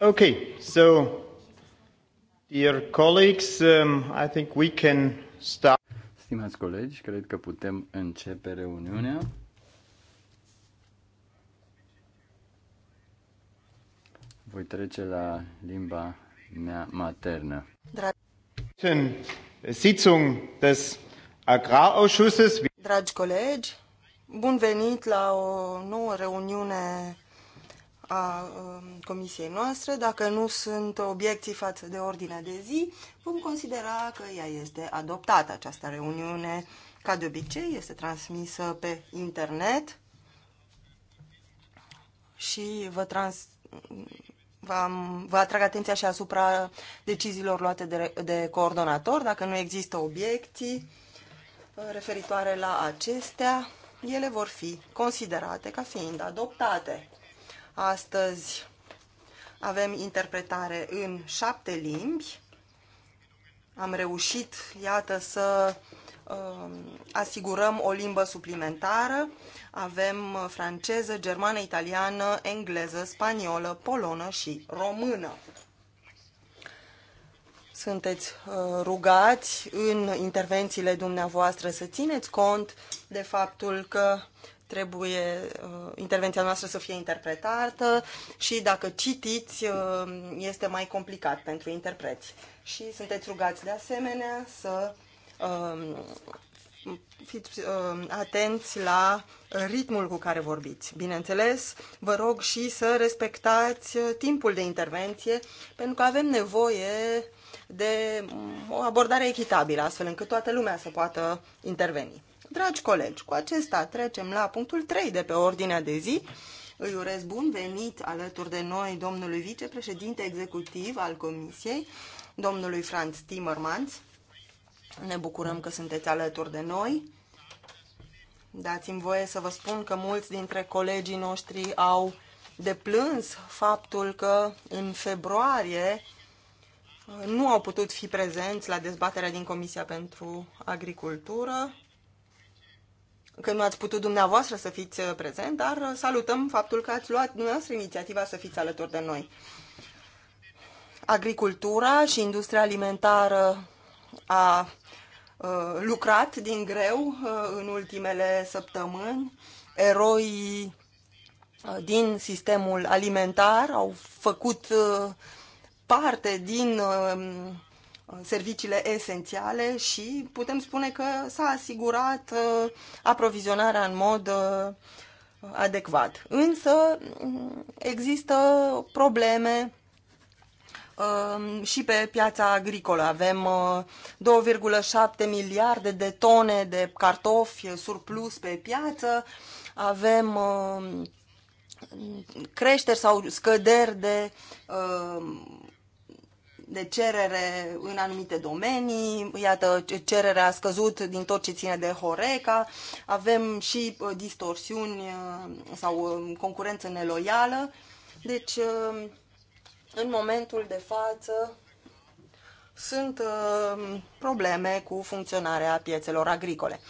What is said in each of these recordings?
Okay, so dear colleagues, um, I think we can start. Stimați colegi, cred că putem începe reuniunea. Voi trece la limba mea maternă. Dragi, Sitzung des Agrarausschusses. Dragi colegi, bun venit la o nouă reuniune a um, comisiei noastre. Dacă nu sunt obiecții față de ordinea de zi, vom considera că ea este adoptată. Această reuniune, ca de obicei, este transmisă pe internet și vă, trans... vă, vă atrag atenția și asupra deciziilor luate de, de coordonator. Dacă nu există obiecții uh, referitoare la acestea, ele vor fi considerate ca fiind adoptate. Astăzi avem interpretare în șapte limbi. Am reușit, iată, să uh, asigurăm o limbă suplimentară. Avem franceză, germană, italiană, engleză, spaniolă, polonă și română sunteți uh, rugați în intervențiile dumneavoastră să țineți cont de faptul că trebuie uh, intervenția noastră să fie interpretată și dacă citiți uh, este mai complicat pentru interpreți. Și sunteți rugați de asemenea să uh, fiți uh, atenți la ritmul cu care vorbiți. Bineînțeles, vă rog și să respectați timpul de intervenție, pentru că avem nevoie de o abordare echitabilă, astfel încât toată lumea să poată interveni. Dragi colegi, cu acesta trecem la punctul 3 de pe ordinea de zi. Îi urez bun venit alături de noi domnului vicepreședinte executiv al Comisiei, domnului Franz Timmermans. Ne bucurăm că sunteți alături de noi. Dați-mi voie să vă spun că mulți dintre colegii noștri au deplâns faptul că în februarie nu au putut fi prezenți la dezbaterea din Comisia pentru Agricultură că nu ați putut dumneavoastră să fiți uh, prezent, dar uh, salutăm faptul că ați luat dumneavoastră inițiativa să fiți alături de noi. Agricultura și industria alimentară a uh, lucrat din greu în ultimele săptămâni. Eroii din sistemul alimentar au făcut parte din serviciile esențiale și putem spune că s-a asigurat uh, aprovizionarea în mod uh, adecvat. Însă mm, există probleme um, și pe piața agricolă. Avem 2,7 uh, miliarde de tone de cartofi surplus pe piață, avem um, creșteri sau scăderi de de cerere în anumite domenii, iată, cererea a scăzut din tot ce ține de Horeca, avem și uh, distorsiuni uh, sau um, concurență neloială. Deci, um, în momentul de față, sunt um, probleme cu funcționarea piețelor agricole.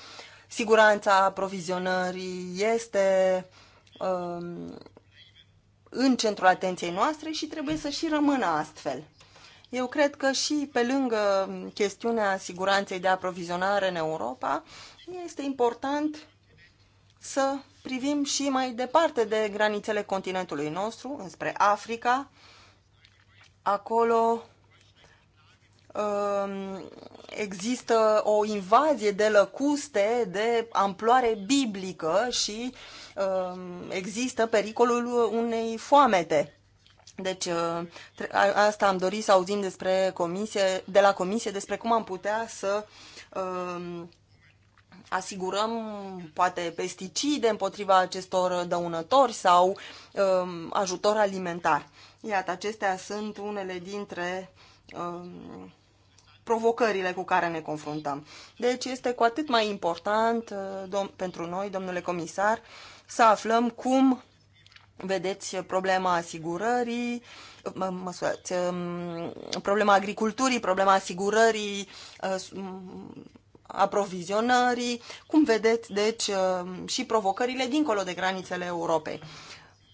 Siguranța aprovizionării este în centrul atenției noastre și trebuie să și rămână astfel. Eu cred că și pe lângă chestiunea siguranței de aprovizionare în Europa, este important să privim și mai departe de granițele continentului nostru, înspre Africa. Acolo um, există o invazie de lăcuste de amploare biblică și um, există pericolul unei foamete. Deci uh, asta am dorit să auzim despre comisie, de la comisie despre cum am putea să um, asigurăm poate pesticide împotriva acestor dăunători sau um, ajutor alimentar. Iată, acestea sunt unele dintre um, provocările cu care ne confruntăm. Deci este cu atât mai important uh, pentru noi, domnule comisar, să aflăm cum vedeți problema asigurării, mă, mă scuzați, um, problema agriculturii, problema asigurării, uh, aprovizionării, cum vedeți, deci, uh, și provocările dincolo de granițele Europei.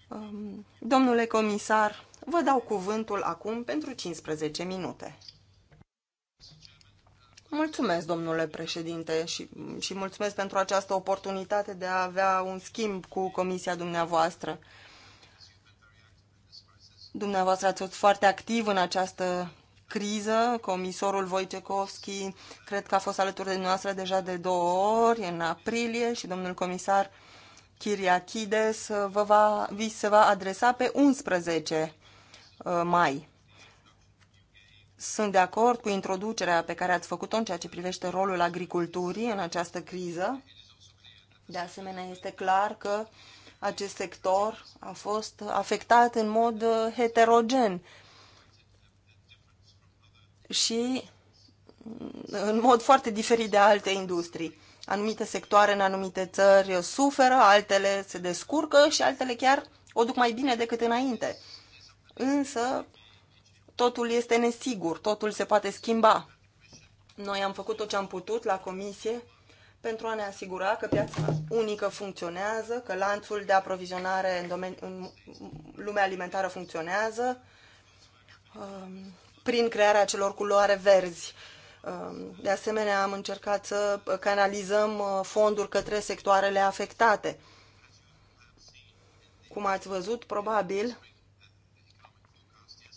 Um, domnule comisar, vă dau cuvântul acum pentru 15 minute. Mulțumesc, domnule președinte, și, și mulțumesc pentru această oportunitate de a avea un schimb cu comisia dumneavoastră. Dumneavoastră ați fost foarte activ în această criză. Comisorul Wojciechowski cred că a fost alături de noastră deja de două ori, în aprilie, și domnul comisar Kiriakides vă va, vi se va adresa pe 11 uh, mai. Sunt de acord cu introducerea pe care ați făcut-o în ceea ce privește rolul agriculturii în această criză. De asemenea, este clar că uh, acest sector a fost afectat în mod uh, heterogen și mm, în mod foarte diferit de alte industrii. Anumite sectoare în anumite țări suferă, altele se descurcă și altele chiar o duc mai bine decât înainte. Însă totul este nesigur, totul se poate schimba. Noi am făcut tot ce am putut la comisie pentru a ne asigura că piața unică funcționează, că lanțul de aprovizionare în, domeni, în lumea alimentară funcționează um, prin crearea celor culoare verzi. Um, de asemenea, am încercat să canalizăm uh, fonduri către sectoarele afectate. Cum ați văzut, probabil,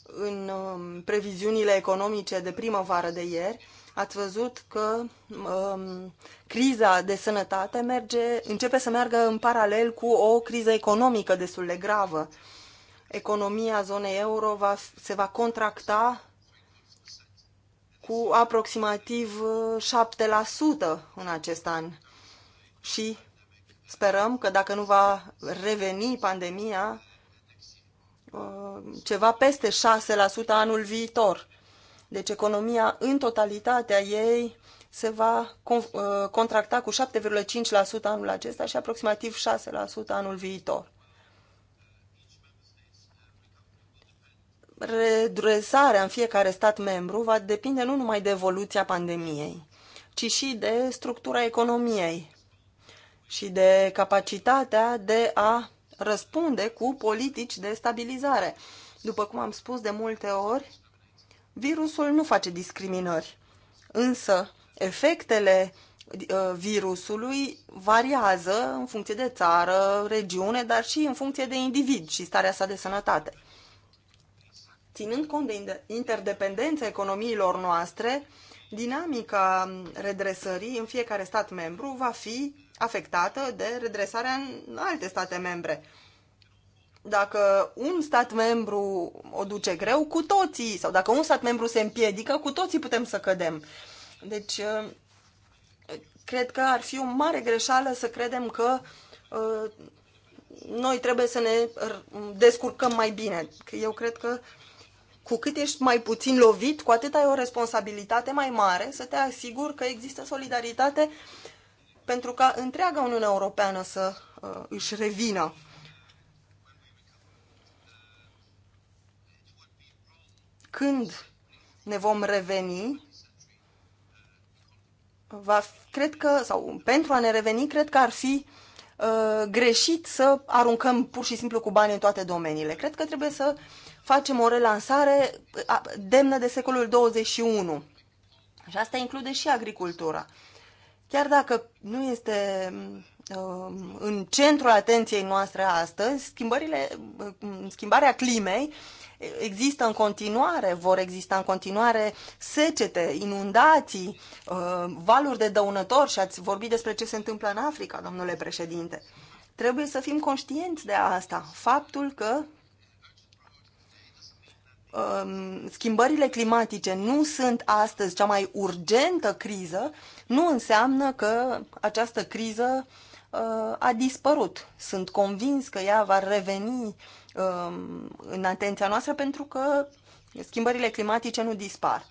în um, previziunile economice de primăvară de ieri, ați văzut că um, criza de sănătate merge, începe să meargă în paralel cu o criză economică destul de gravă. Economia zonei euro va, se va contracta cu aproximativ 7% uh, în acest an. Și sperăm că dacă nu va reveni pandemia, uh, ceva peste 6% anul viitor. Deci economia în totalitatea ei se va uh, contracta cu 7,5% anul acesta și aproximativ 6% anul viitor. Redresarea în fiecare stat membru va depinde nu numai de evoluția pandemiei, ci și de structura economiei și de capacitatea de a răspunde cu politici de stabilizare. După cum am spus de multe ori, Virusul nu face discriminări, însă efectele uh, virusului variază în funcție de țară, regiune, dar și în funcție de individ și starea sa de sănătate. Ținând cont de interdependența economiilor noastre, dinamica redresării în fiecare stat membru va fi afectată de redresarea în alte state membre dacă un stat membru o duce greu, cu toții, sau dacă un stat membru se împiedică, cu toții putem să cădem. Deci, ă, cred că ar fi o mare greșeală să credem că ă, noi trebuie să ne descurcăm mai bine. Eu cred că cu cât ești mai puțin lovit, cu atât ai o responsabilitate mai mare să te asiguri că există solidaritate pentru ca întreaga Uniune Europeană să uh, își revină când ne vom reveni, va, cred că, sau pentru a ne reveni, cred că ar fi uh, greșit să aruncăm pur și simplu cu bani în toate domeniile. Cred că trebuie să facem o relansare uh, demnă de secolul 21. Și asta include și agricultura. Chiar dacă nu este uh, în centrul atenției noastre astăzi, schimbările, uh, schimbarea climei Există în continuare, vor exista în continuare secete, inundații, uh, valuri de dăunători și ați vorbit despre ce se întâmplă în Africa, domnule președinte. Trebuie să fim conștienți de asta, faptul că um, schimbările climatice nu sunt astăzi cea mai urgentă criză, nu înseamnă că această criză uh, a dispărut. Sunt convins că ea va reveni Um, în atenția noastră pentru că schimbările climatice nu dispar.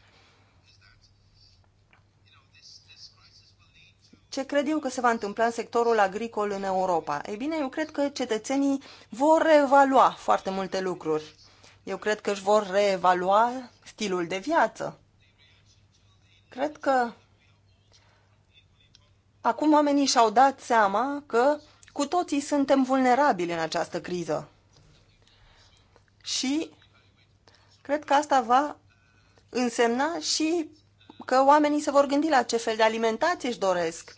ce cred eu că se va întâmpla în sectorul agricol în Europa? Ei bine, eu cred că cetățenii vor reevalua foarte multe lucruri. Eu cred că își vor reevalua stilul de viață. Cred că acum oamenii și-au dat seama că cu toții suntem vulnerabili în această criză. Și cred că asta va însemna și că oamenii se vor gândi la ce fel de alimentație își doresc,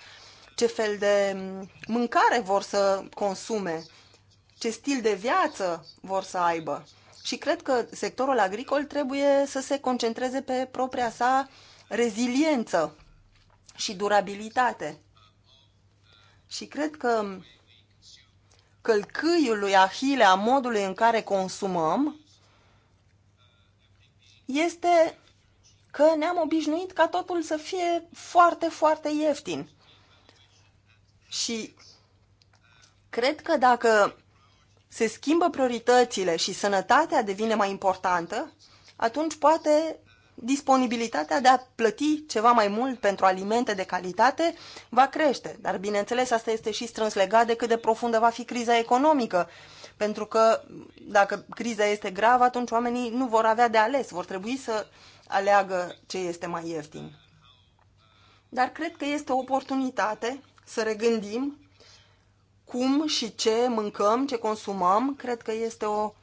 ce fel de mâncare vor să consume, ce stil de viață vor să aibă. Și cred că sectorul agricol trebuie să se concentreze pe propria sa reziliență și durabilitate. Și cred că călcâiul lui Ahile a modului în care consumăm este că ne-am obișnuit ca totul să fie foarte, foarte ieftin. Și cred că dacă se schimbă prioritățile și sănătatea devine mai importantă, atunci poate disponibilitatea de a plăti ceva mai mult pentru alimente de calitate va crește. Dar, bineînțeles, asta este și strâns legat de cât de profundă va fi criza economică. Pentru că dacă criza este gravă, atunci oamenii nu vor avea de ales, vor trebui să aleagă ce este mai ieftin. Dar cred că este o oportunitate să regândim cum și ce mâncăm, ce consumăm. Cred că este o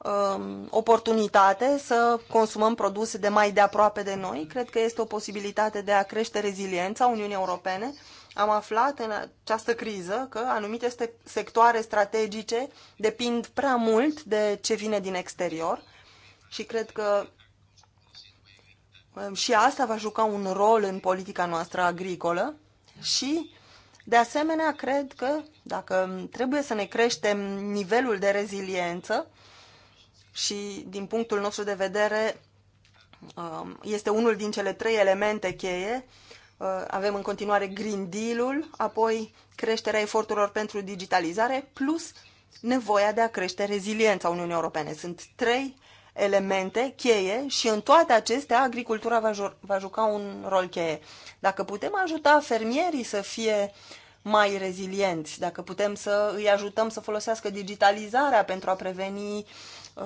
Um, oportunitate să consumăm produse de mai de aproape de noi. Cred că este o posibilitate de a crește reziliența Uniunii Europene. Am aflat în această criză că anumite sectoare strategice depind prea mult de ce vine din exterior și cred că um, și asta va juca un rol în politica noastră agricolă și, de asemenea, cred că dacă trebuie să ne creștem nivelul de reziliență, și din punctul nostru de vedere um, este unul din cele trei elemente cheie. Uh, avem în continuare Green Deal-ul, apoi creșterea eforturilor pentru digitalizare, plus nevoia de a crește reziliența Uniunii Europene. Sunt trei elemente cheie și în toate acestea agricultura va, ju- va juca un rol cheie. Dacă putem ajuta fermierii să fie mai rezilienți, dacă putem să îi ajutăm să folosească digitalizarea pentru a preveni uh,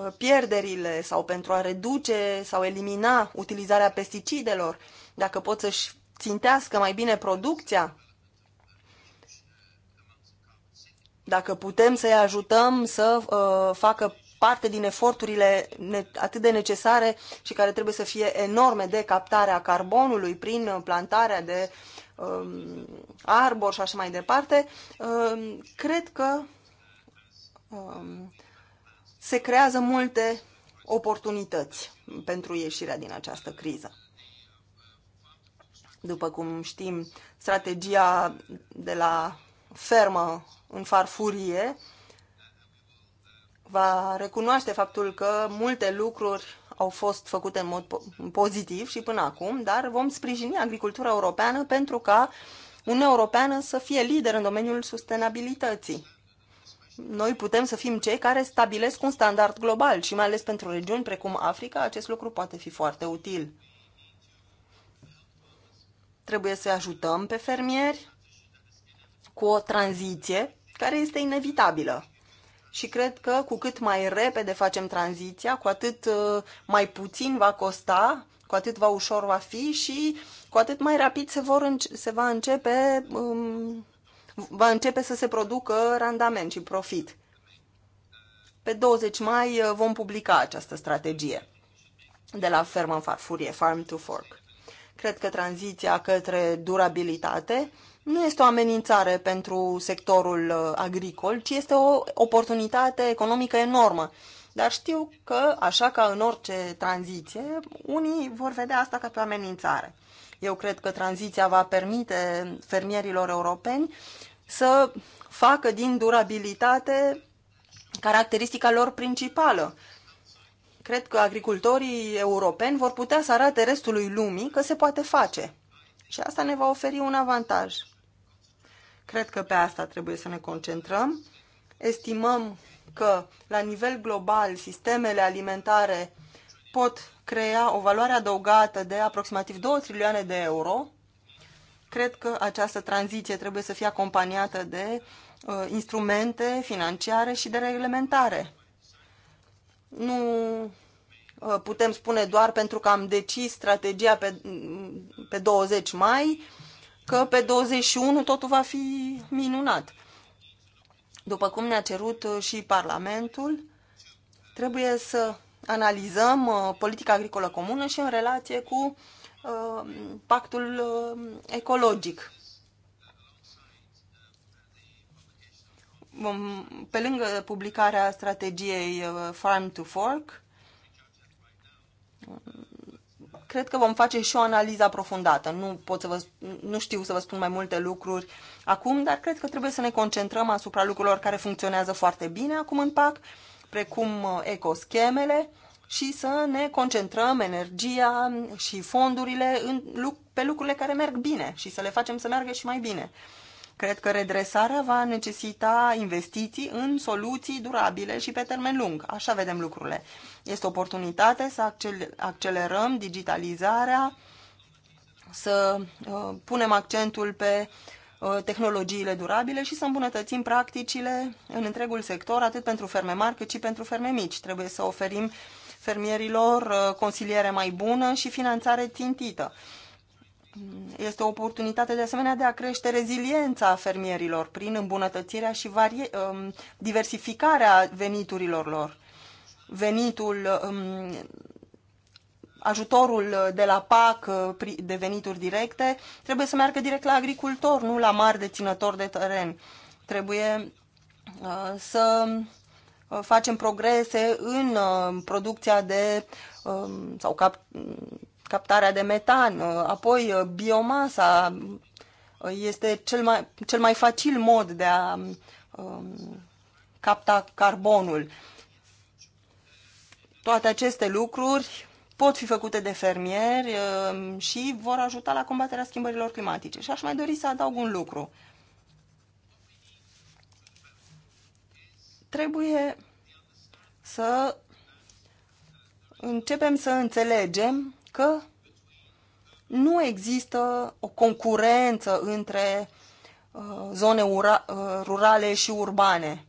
Uh, pierderile sau pentru a reduce sau elimina utilizarea pesticidelor, dacă pot să-și țintească mai bine producția, dacă putem să-i ajutăm să uh, facă parte din eforturile atât de necesare și care trebuie să fie enorme de captarea carbonului prin plantarea de um, arbori și așa mai departe, um, cred că um, se creează multe oportunități pentru ieșirea din această criză. După cum știm, strategia de la fermă în farfurie va recunoaște faptul că multe lucruri au fost făcute în mod pozitiv și până acum, dar vom sprijini agricultura europeană pentru ca Uniunea Europeană să fie lider în domeniul sustenabilității noi putem să fim cei care stabilesc un standard global și mai ales pentru regiuni precum Africa, acest lucru poate fi foarte util. Trebuie să ajutăm pe fermieri cu o tranziție care este inevitabilă. Și cred că cu cât mai repede facem tranziția, cu atât uh, mai puțin va costa, cu atât va ușor va fi și cu atât mai rapid se, vor, se va începe um, va începe să se producă randament și profit. Pe 20 mai uh, vom publica această strategie de la fermă în farfurie, farm to fork. Cred că tranziția către durabilitate nu este o amenințare pentru sectorul uh, agricol, ci este o oportunitate economică enormă. Dar știu că, așa ca în orice tranziție, unii vor vedea asta ca pe o amenințare. Eu cred că tranziția va permite fermierilor europeni să facă din durabilitate caracteristica lor principală. Cred că agricultorii europeni vor putea să arate restului lumii că se poate face. Și asta ne va oferi un avantaj. Cred că pe asta trebuie să ne concentrăm. Estimăm că, la nivel global, sistemele alimentare pot crea o valoare adăugată de aproximativ 2 trilioane de euro Cred că această tranziție trebuie să fie acompaniată de uh, instrumente financiare și de reglementare. Nu uh, putem spune doar pentru că am decis strategia pe, mm, pe 20 mai că pe 21 totul va fi minunat. După cum ne-a cerut uh, și Parlamentul, trebuie să analizăm uh, politica agricolă comună și în relație cu uh, Uh, pactul uh, ecologic. pe lângă publicarea strategiei uh, Farm to Fork, cred că vom face și o analiză aprofundată. Nu, pot să vă, nu știu să vă spun mai multe lucruri acum, dar cred că trebuie să ne concentrăm asupra lucrurilor care funcționează foarte bine acum în PAC, precum ecoschemele, și să ne concentrăm energia și fondurile în, pe lucrurile care merg bine și să le facem să meargă și mai bine. Cred că redresarea va necesita investiții în soluții durabile și pe termen lung. Așa vedem lucrurile. Este oportunitate să accelerăm digitalizarea, să uh, punem accentul pe uh, tehnologiile durabile și să îmbunătățim practicile în întregul sector, atât pentru ferme mari cât și pentru ferme mici. Trebuie să oferim uh, fermierilor, uh, consiliere mai bună și finanțare țintită. Este o oportunitate de asemenea de a crește reziliența fermierilor prin îmbunătățirea și varie, um, diversificarea veniturilor lor. Venitul, um, ajutorul de la PAC uh, de venituri directe trebuie să meargă direct la agricultor, nu la mari deținători de teren. Trebuie uh, să Uh, facem progrese în uh, producția de um, sau cap, captarea de metan, uh, apoi biomasa este cel mai, cel mai facil mod de a um, capta carbonul. Toate aceste lucruri pot fi făcute de fermieri și vor ajuta la combaterea schimbărilor climatice. Și aș mai dori să adaug un lucru. Trebuie să începem să înțelegem că nu există o concurență între uh, zone uh, rurale și urbane.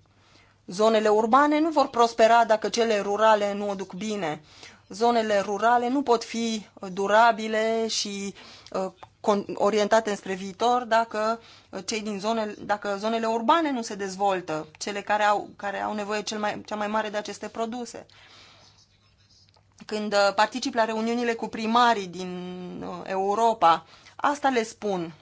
Zonele urbane nu vor prospera dacă cele rurale nu o duc bine. Zonele rurale nu pot fi uh, durabile și orientate spre viitor dacă uh, cei din zone, dacă zonele urbane nu se dezvoltă, cele care au, care au nevoie cel mai, cea mai mare de aceste produse. Când uh, particip la reuniunile cu primarii din uh, Europa, asta le spun.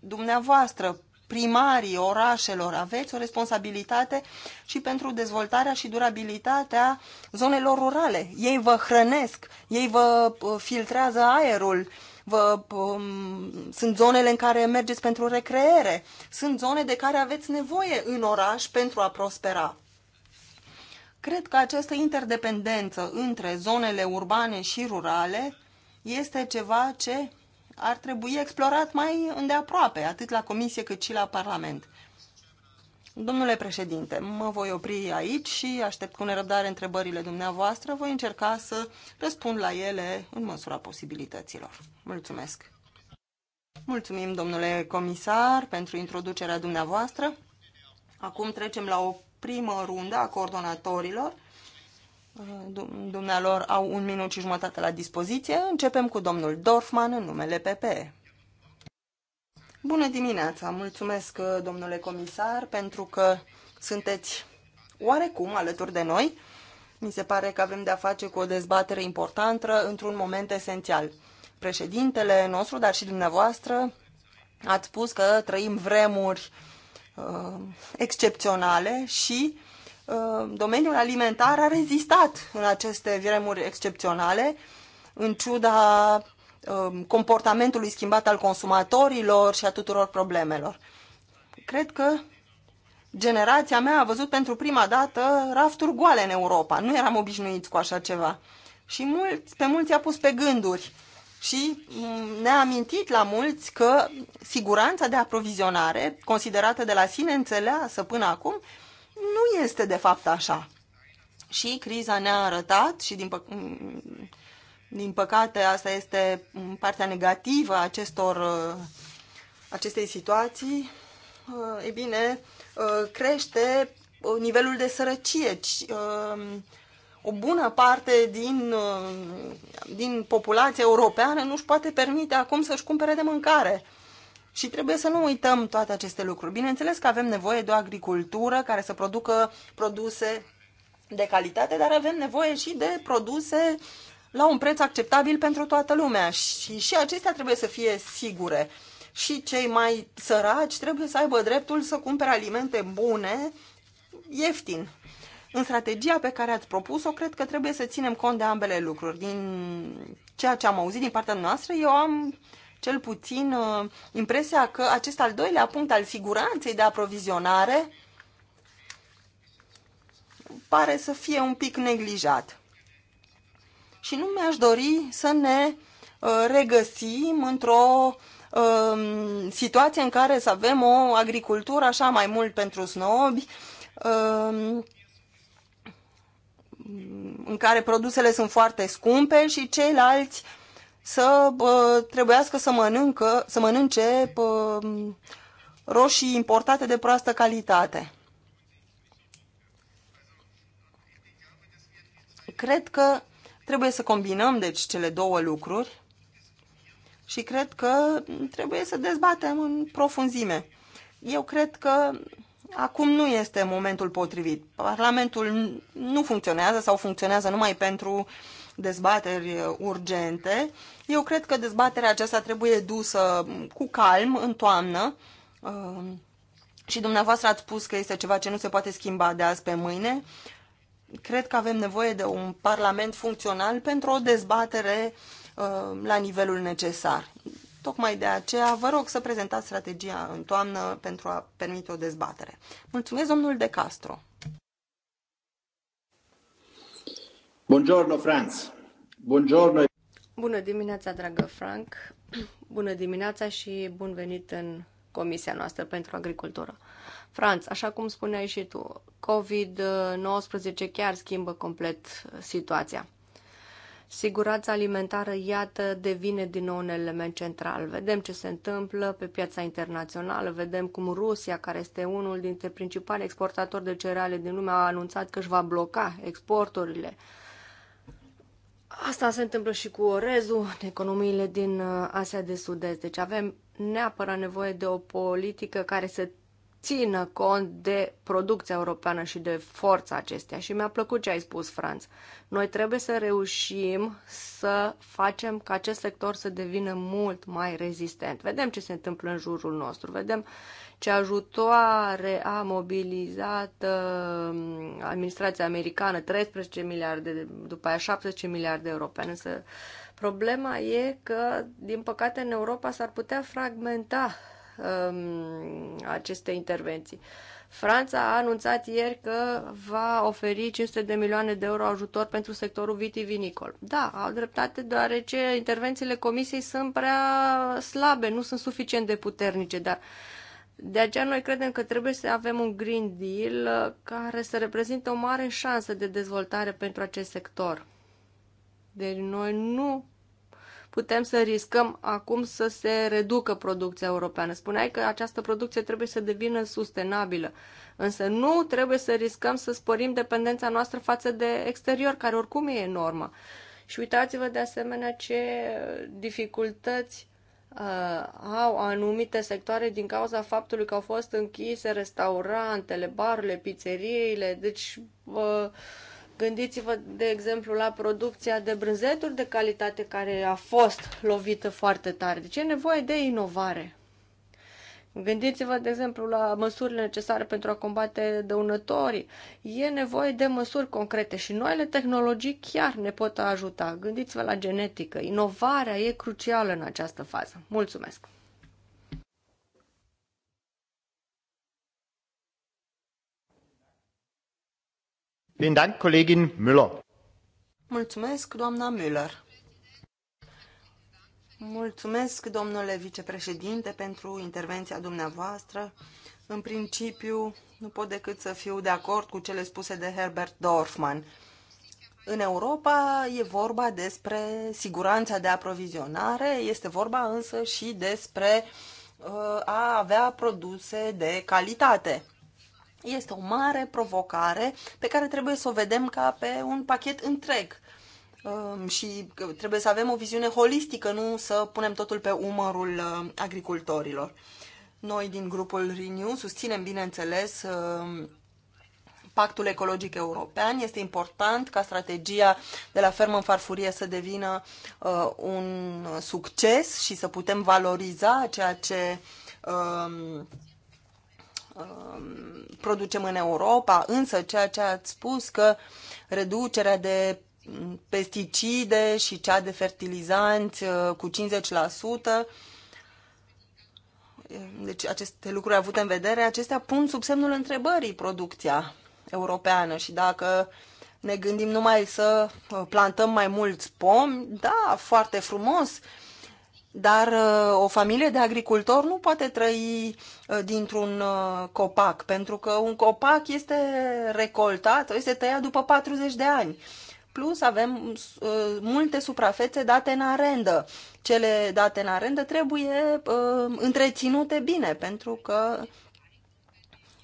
Dumneavoastră, primarii orașelor, aveți o responsabilitate și pentru dezvoltarea și durabilitatea zonelor rurale. Ei vă hrănesc, ei vă filtrează aerul, uh, vă, um, sunt zonele în care mergeți pentru recreere, sunt zone de care aveți nevoie în oraș pentru a prospera. Cred că această interdependență între zonele urbane și rurale este ceva ce ar trebui explorat mai îndeaproape, atât la Comisie cât și la Parlament. Domnule președinte, mă voi opri aici și aștept cu nerăbdare întrebările dumneavoastră. Voi încerca să răspund la ele în măsura posibilităților. Mulțumesc! Mulțumim, domnule comisar, pentru introducerea dumneavoastră. Acum trecem la o primă rundă a coordonatorilor. Dumnealor au un minut și jumătate la dispoziție. Începem cu domnul Dorfman în numele PPE. Bună dimineața! Mulțumesc, domnule comisar, pentru că sunteți oarecum alături de noi. Mi se pare că avem de-a face cu o dezbatere importantă într-un moment esențial. Președintele nostru, dar și dumneavoastră, ați spus că trăim vremuri uh, excepționale și uh, domeniul alimentar a rezistat în aceste vremuri excepționale, în ciuda Um, comportamentului schimbat al consumatorilor și a tuturor problemelor. Cred că generația mea a văzut pentru prima dată rafturi goale în Europa. Nu eram obișnuiți cu așa ceva. Și mulți, pe mulți a pus pe gânduri. Și ne-a amintit la mulți că siguranța de aprovizionare, considerată de la sine înțeleasă până acum, nu este de fapt așa. Și criza ne-a arătat și din păcate din păcate, asta este partea negativă a acestor, uh, acestei situații. Uh, e bine, uh, crește nivelul de sărăcie. Um, o bună parte din, din populația europeană nu își poate permite acum să-și cumpere de mâncare. Și trebuie să nu uităm toate aceste lucruri. Bineînțeles că avem nevoie de o agricultură care să producă produse de calitate, dar avem nevoie și de produse uh, la un preț acceptabil pentru toată lumea și și acestea trebuie să fie sigure. Și cei mai săraci trebuie să aibă dreptul să cumpere alimente bune, ieftin. În strategia pe care ați propus-o, cred că trebuie să ținem cont de ambele lucruri. Din ceea ce am auzit din partea noastră, eu am cel puțin uh, impresia că acest al doilea punct al siguranței de aprovizionare pare să fie un pic neglijat și nu mi-aș dori să ne uh, regăsim într-o um, situație în care să avem o agricultură așa mai mult pentru snobi, um, în care produsele sunt foarte scumpe și ceilalți să uh, trebuiască să, mănâncă, să mănânce um, roșii importate de proastă calitate. Cred că Trebuie să combinăm, deci, cele două lucruri și cred că trebuie să dezbatem în profunzime. Eu cred că acum nu este momentul potrivit. Parlamentul nu funcționează sau funcționează numai pentru dezbateri urgente. Eu cred că dezbaterea aceasta trebuie dusă cu calm în toamnă uh, și dumneavoastră ați spus că este ceva ce nu se poate schimba de azi pe mâine cred că avem nevoie de un parlament funcțional pentru o dezbatere uh, la nivelul necesar. Tocmai de aceea vă rog să prezentați strategia în toamnă pentru a permite o dezbatere. Mulțumesc, domnul De Castro. Buongiorno, Franz. Buongiorno. Bună dimineața, dragă Frank. Bună dimineața și bun venit în comisia noastră pentru agricultură. Franț, așa cum spuneai și tu, COVID-19 chiar schimbă complet situația. Siguranța alimentară, iată, devine din nou un element central. Vedem ce se întâmplă pe piața internațională, vedem cum Rusia, care este unul dintre principalii exportatori de cereale din lume, a anunțat că își va bloca exporturile. Asta se întâmplă și cu orezul, economiile din uh, Asia de Sud-Est. Deci avem neapărat nevoie de o politică care să țină cont de producția europeană și de forța acesteia. Și mi-a plăcut ce ai spus, Franț. Noi trebuie să reușim să facem ca acest sector să devină mult mai rezistent. Vedem ce se întâmplă în jurul nostru, vedem ce ajutoare a mobilizat uh, administrația americană, 13 miliarde, după aia 17 miliarde europene, însă problema e că, din păcate, în Europa s-ar putea fragmenta um, aceste intervenții. Franța a anunțat ieri că va oferi 500 de milioane de euro ajutor pentru sectorul vitivinicol. Da, au dreptate, deoarece intervențiile comisiei sunt prea slabe, nu sunt suficient de puternice, dar de aceea noi credem că trebuie să avem un Green Deal uh, care să reprezinte o mare șansă de dezvoltare pentru acest sector. Deci noi nu putem să riscăm acum să se reducă producția europeană. Spuneai că această producție trebuie să devină sustenabilă, însă nu trebuie să riscăm să sporim dependența noastră față de exterior, care oricum e enormă. Și uitați-vă de asemenea ce dificultăți uh, au anumite sectoare din cauza faptului că au fost închise restaurantele, barurile, pizzeriile, deci uh, Gândiți-vă, de exemplu, la producția de brânzeturi de calitate care a fost lovită foarte tare. Deci e nevoie de inovare. Gândiți-vă, de exemplu, la măsurile necesare pentru a combate dăunătorii. E nevoie de măsuri concrete și noile tehnologii chiar ne pot ajuta. Gândiți-vă la genetică. Inovarea e crucială în această fază. Mulțumesc! Vielen Dank, Kollegin Müller. Mulțumesc, doamna Müller. Mulțumesc, domnule vicepreședinte, pentru intervenția dumneavoastră. În principiu, nu pot decât să fiu de acord cu cele spuse de Herbert Dorfman. În Europa e vorba despre siguranța de aprovizionare, este vorba însă și despre uh, a avea produse de calitate. Este o mare provocare pe care trebuie să o vedem ca pe un pachet întreg um, și trebuie să avem o viziune holistică, nu să punem totul pe umărul um, agricultorilor. Noi din grupul Renew susținem, bineînțeles, um, pactul ecologic european. Este important ca strategia de la fermă în farfurie să devină uh, un succes și să putem valoriza ceea ce Um, producem în Europa, însă ceea ce ați spus că reducerea de pesticide și cea de fertilizanți uh, cu 50%, um, deci aceste lucruri avute în vedere, acestea pun sub semnul întrebării producția europeană și dacă ne gândim numai să uh, plantăm mai mulți pomi, da, foarte frumos, dar uh, o familie de agricultori nu poate trăi uh, dintr-un uh, copac, pentru că un copac este recoltat, este tăiat după 40 de ani. Plus avem multe suprafețe date în arendă. Cele date în arendă trebuie întreținute bine, pentru că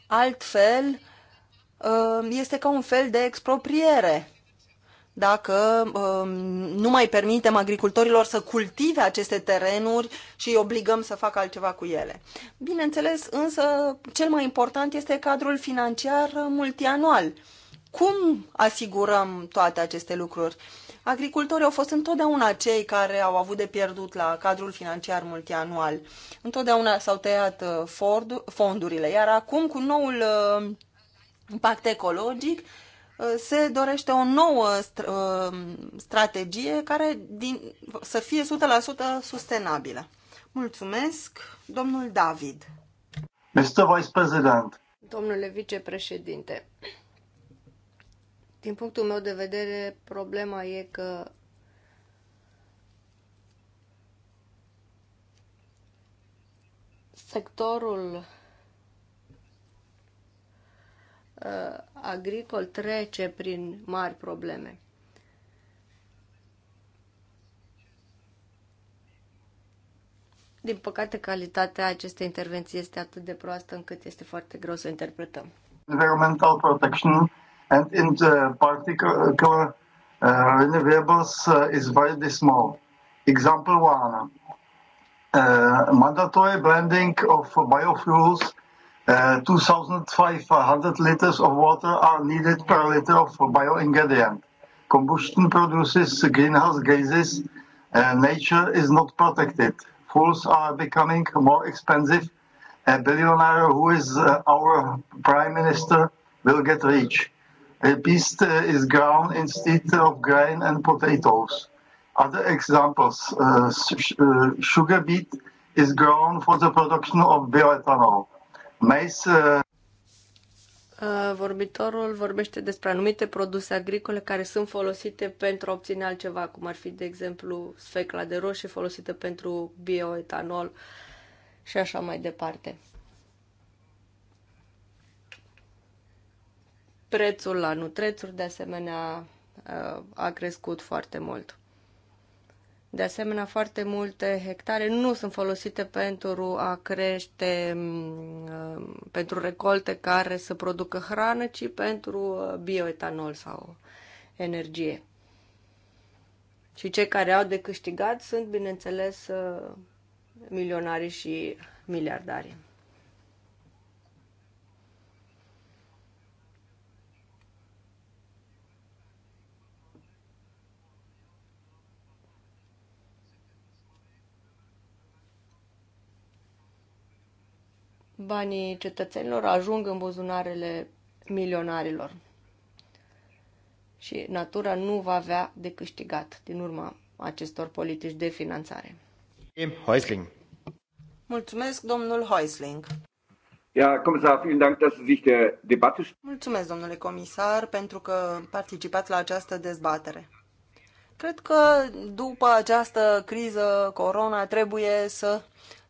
altfel este ca un fel de expropriere dacă um, nu mai permitem agricultorilor să cultive aceste terenuri și îi obligăm să facă altceva cu ele. Bineînțeles, însă, cel mai important este cadrul financiar multianual. Cum asigurăm toate aceste lucruri? Agricultorii au fost întotdeauna cei care au avut de pierdut la cadrul financiar multianual. Întotdeauna s-au tăiat uh, fondurile, iar acum, cu noul uh, pact ecologic, se dorește o nouă uh, strategie care din, să fie 100% sustenabilă. Mulțumesc, domnul David. Mr. Vice President. Domnule vicepreședinte, din punctul meu de vedere, problema e că sectorul Uh, agricol trece prin mari probleme. Din păcate, calitatea acestei intervenții este atât de proastă încât este foarte greu să o interpretăm. Environmental protection and in the particular uh, renewables uh, is very small. Example one, uh, mandatory blending of biofuels 2,500 eh, liters of water are needed per liter of bio ingredient. Combustion produces greenhouse gases. Uh, nature is not protected. Fools are becoming more expensive. A billionaire who is uh, our prime minister will get rich. A beast uh, is grown instead of grain and potatoes. Other examples, uh, sh- uh, sugar beet is grown for the production of bioethanol mais uh, Vorbitorul vorbește despre anumite produse agricole care sunt folosite pentru a obține altceva, cum ar fi, de exemplu, sfecla de roșie folosită pentru bioetanol și așa mai departe. Prețul la nutrețuri, de asemenea, uh, a crescut foarte mult. De asemenea, foarte multe hectare nu sunt folosite pentru a crește, mm, uh, pentru recolte care să producă hrană, ci pentru uh, bioetanol sau energie. Și cei care au de câștigat sunt, bineînțeles, uh, milionarii și miliardarii. banii cetățenilor ajung în buzunarele milionarilor. Și natura nu va avea de câștigat din urma acestor politici de finanțare. Häusling. Mulțumesc, domnul Häusling. Ja, Kommissar, vielen Dank, dass Sie sich der Debatte... Mulțumesc, domnule comisar, pentru că participați la această dezbatere. Cred că după această criză corona trebuie să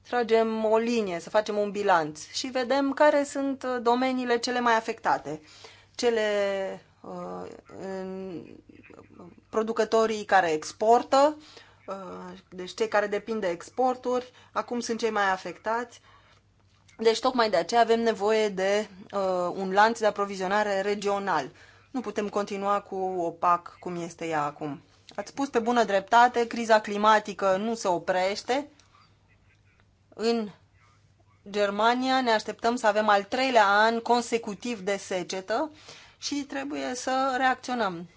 tragem o linie, să facem un bilanț și vedem care sunt uh, domeniile cele mai afectate, cele uh, în, producătorii care exportă, uh, deci cei care depind de exporturi, acum sunt cei mai afectați. Deci tocmai de aceea avem nevoie de uh, un lanț de aprovizionare regional. Nu putem continua cu o PAC cum este ea acum. Ați spus pe bună dreptate, criza climatică nu se oprește, în Germania ne așteptăm să avem al treilea an consecutiv de secetă și trebuie să reacționăm.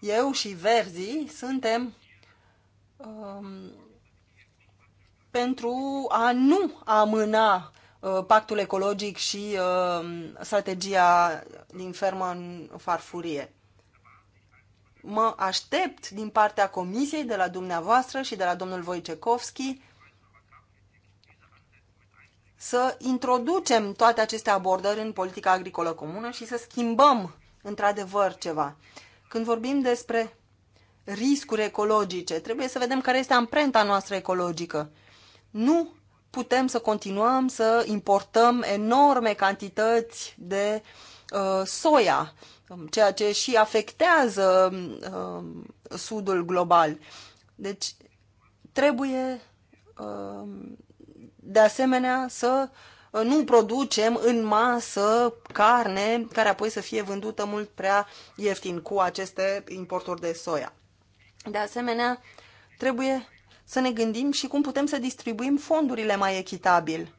Eu și Verzi suntem um, pentru a nu amâna uh, pactul ecologic și uh, strategia din fermă în farfurie. Mă aștept din partea comisiei, de la dumneavoastră și de la domnul Wojciechowski, să introducem toate aceste abordări în politica agricolă comună și să schimbăm într-adevăr ceva. Când vorbim despre riscuri ecologice, trebuie să vedem care este amprenta noastră ecologică. Nu putem să continuăm să importăm enorme cantități de uh, soia, um, ceea ce și afectează uh, sudul global. Deci trebuie uh, de asemenea să uh, nu producem în masă carne care apoi să fie vândută mult prea ieftin cu aceste importuri de soia. De asemenea, trebuie să ne gândim și cum putem să distribuim fondurile mai echitabil.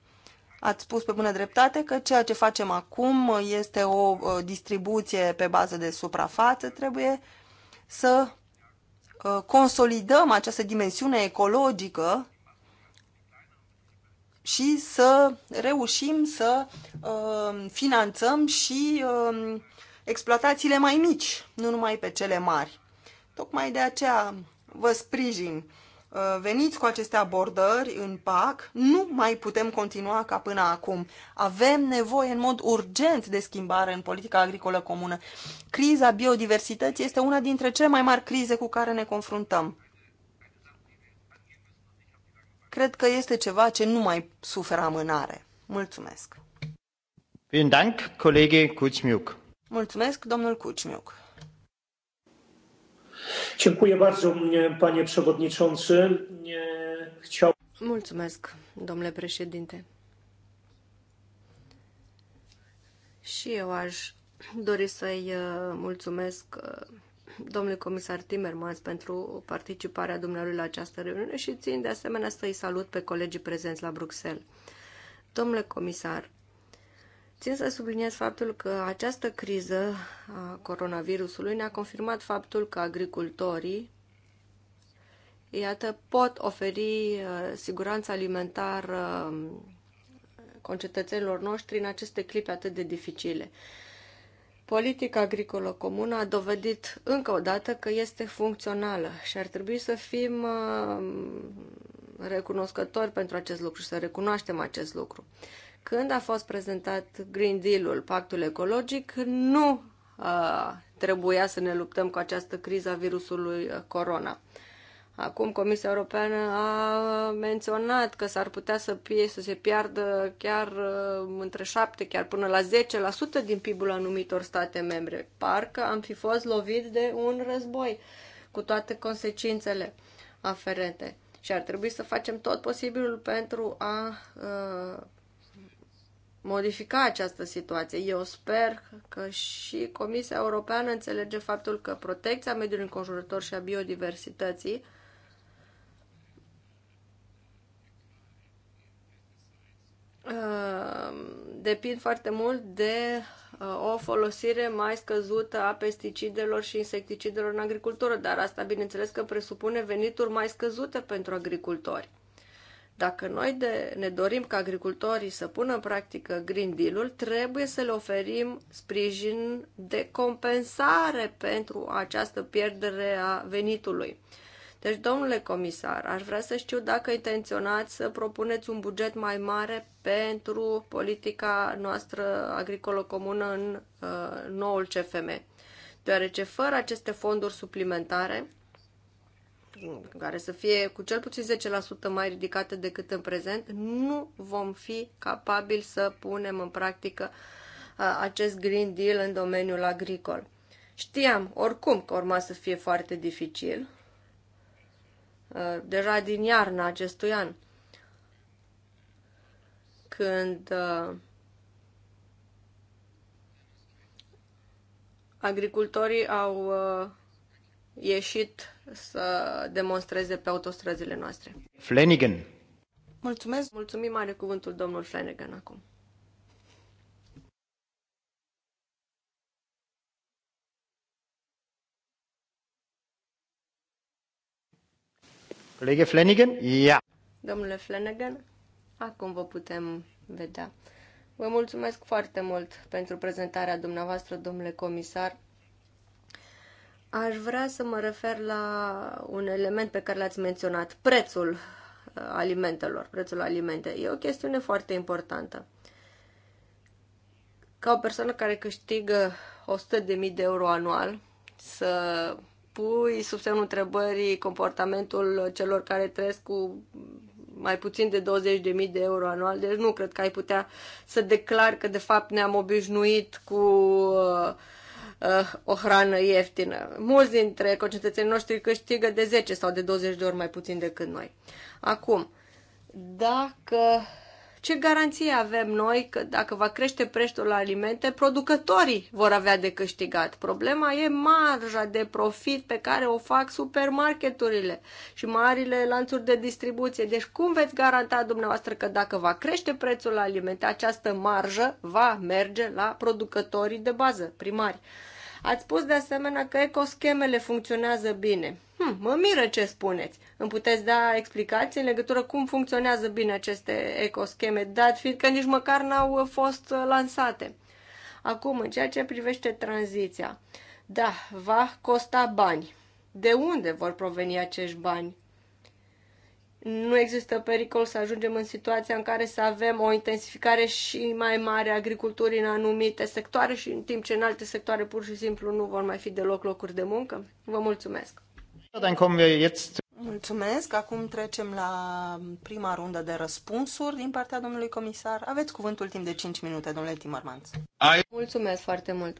Ați spus pe bună dreptate că ceea ce facem acum este o uh, distribuție pe bază de suprafață. Trebuie să uh, consolidăm această dimensiune ecologică și să reușim să uh, finanțăm și uh, exploatațiile mai mici, nu numai pe cele mari. Tocmai de aceea vă sprijin. Uh, veniți cu aceste abordări în PAC, nu mai putem continua ca până acum. Avem nevoie în mod urgent de schimbare în politica agricolă comună. Criza biodiversității este una dintre cele mai mari crize cu care ne confruntăm cred că este ceva ce nu mai suferă amânare. Mulțumesc! Vielen Dank, colegi Kuczmiuk. Mulțumesc, domnul Kuczmiuk. Dziękuję bardzo, panie przewodniczący. Chciał... Mulțumesc, domnule președinte. Și eu aș dori să-i uh, mulțumesc uh, domnului comisar Timmermans pentru participarea dumnealui la această reuniune și țin de asemenea să-i salut pe colegii prezenți la Bruxelles. Domnule comisar, țin să subliniez faptul că această criză a coronavirusului ne-a confirmat faptul că agricultorii, iată, pot oferi uh, siguranță alimentară um, concetățenilor noștri în aceste clipe atât de dificile. Politica agricolă comună a dovedit încă o dată că este funcțională și ar trebui să fim uh, recunoscători pentru acest lucru și să recunoaștem acest lucru. Când a fost prezentat Green Deal-ul, pactul ecologic, nu a, uh, trebuia să ne luptăm cu această criză a virusului uh, corona. Acum Comisia Europeană a menționat că s-ar putea să, pie, să se piardă chiar uh, între 7, chiar până la 10% din PIB-ul anumitor state membre. Parcă am fi fost lovit de un război cu toate consecințele aferente. Și ar trebui să facem tot posibilul pentru a uh, modifica această situație. Eu sper că și Comisia Europeană înțelege faptul că protecția mediului înconjurător și a biodiversității Uh, depind foarte mult de uh, o folosire mai scăzută a pesticidelor și insecticidelor în agricultură, dar asta bineînțeles că presupune venituri mai scăzute pentru agricultori. Dacă noi de, ne dorim ca agricultorii să pună în practică Green Deal-ul, trebuie să le oferim sprijin de compensare pentru această pierdere a venitului. Deci, domnule comisar, aș vrea să știu dacă intenționați să propuneți un buget mai mare pentru politica noastră agricolă comună în uh, noul CFM. Deoarece fără aceste fonduri suplimentare, care să fie cu cel puțin 10% mai ridicate decât în prezent, nu vom fi capabili să punem în practică uh, acest Green Deal în domeniul agricol. Știam oricum că urma să fie foarte dificil Uh, deja din iarna acestui an, când uh, agricultorii au uh, ieșit să demonstreze pe autostrăzile noastre. Flanagan. Mulțumesc. Mulțumim, are cuvântul domnul Flanagan acum. Colegă Flanagan? Ia! Domnule Flanagan, acum vă putem vedea. Vă mulțumesc foarte mult pentru prezentarea dumneavoastră, domnule comisar. Aș vrea să mă refer la un element pe care l-ați menționat, prețul uh, alimentelor, prețul alimente. E o chestiune foarte importantă. Ca o persoană care câștigă 100.000 de euro anual, să pui sub semnul întrebării comportamentul celor care trăiesc cu mai puțin de 20.000 de euro anual, deci nu cred că ai putea să declar că de fapt ne-am obișnuit cu uh, uh, o hrană ieftină. Mulți dintre concetățenii noștri câștigă de 10 sau de 20 de ori mai puțin decât noi. Acum, dacă ce garanție avem noi că dacă va crește prețul la alimente, producătorii vor avea de câștigat? Problema e marja de profit pe care o fac supermarketurile și marile lanțuri de distribuție. Deci cum veți garanta dumneavoastră că dacă va crește prețul la alimente, această marjă va merge la producătorii de bază, primari? Ați spus de asemenea că ecoschemele funcționează bine. Hm, mă miră ce spuneți. Îmi puteți da explicații în legătură cum funcționează bine aceste ecoscheme, dat fiindcă nici măcar n-au fost uh, lansate. Acum, în ceea ce privește tranziția, da, va costa bani. De unde vor proveni acești bani? Nu există pericol să ajungem în situația în care să avem o intensificare și mai mare a agriculturii în anumite sectoare și în timp ce în alte sectoare pur și simplu nu vor mai fi deloc locuri de muncă? Vă mulțumesc! Mulțumesc. Acum trecem la prima rundă de răspunsuri din partea domnului comisar. Aveți cuvântul timp de 5 minute, domnule Timmermans. Ai... Mulțumesc foarte mult.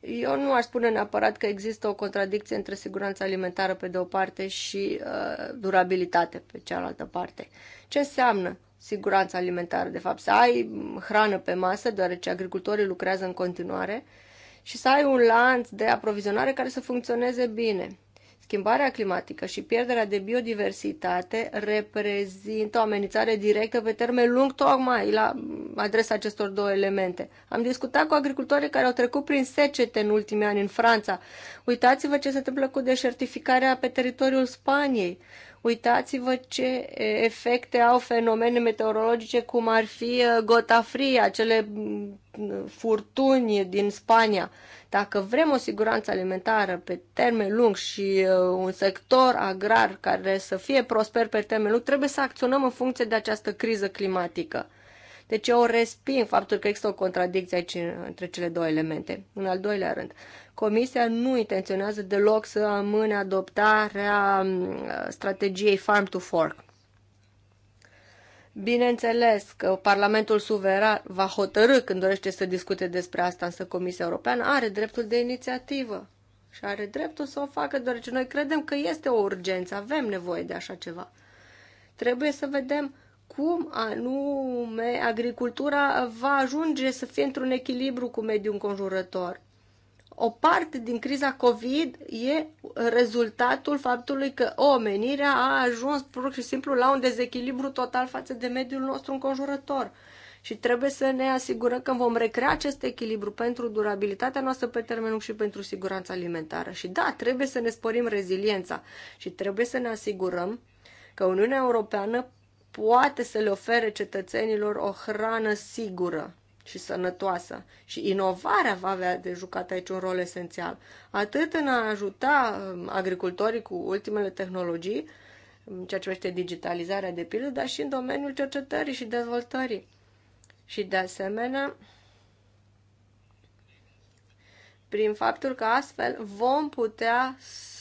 Eu nu aș spune neapărat că există o contradicție între siguranța alimentară pe de o parte și uh, durabilitate pe cealaltă parte. Ce înseamnă siguranța alimentară? De fapt, să ai mm, hrană pe masă, deoarece agricultorii lucrează în continuare uh, și să ai un lanț de aprovizionare care să funcționeze bine. Schimbarea climatică și pierderea de biodiversitate reprezintă o amenințare directă pe termen lung tocmai la adresa acestor două elemente. Am discutat cu agricultorii care au trecut prin secete în ultimii ani în Franța. Uitați-vă ce se întâmplă cu deșertificarea pe teritoriul Spaniei. Uitați-vă ce efecte au fenomene meteorologice cum ar fi gota fria, acele furtuni din Spania. Dacă vrem o siguranță alimentară pe termen lung și un sector agrar care să fie prosper pe termen lung, trebuie să acționăm în funcție de această criză climatică. Deci eu resping faptul că există o contradicție aici între cele două elemente. În al doilea rând, Comisia nu intenționează deloc să amâne adoptarea mm, strategiei Farm to Fork. Bineînțeles că Parlamentul suveran va hotărâ când dorește să discute despre asta, însă Comisia Europeană are dreptul de inițiativă și are dreptul să o facă, deoarece noi credem că este o urgență, avem nevoie de așa ceva. Trebuie să vedem uh, cum anume agricultura va ajunge să fie într-un echilibru cu mediul înconjurător. O parte din criza COVID e rezultatul faptului că omenirea a ajuns pur și simplu la un dezechilibru total față de mediul nostru înconjurător. Și trebuie să ne asigurăm că vom recrea acest echilibru pentru durabilitatea noastră pe termen lung și pentru siguranța alimentară. Și da, trebuie să ne sporim reziliența și trebuie să ne asigurăm că Uniunea Europeană poate să le ofere cetățenilor o hrană sigură și sănătoasă. Și inovarea va avea de jucat aici un rol esențial, atât în a ajuta um, agricultorii cu ultimele tehnologii, în ceea ce privește digitalizarea de pildă, dar și în domeniul cercetării și dezvoltării. Și de asemenea, prin faptul că astfel vom putea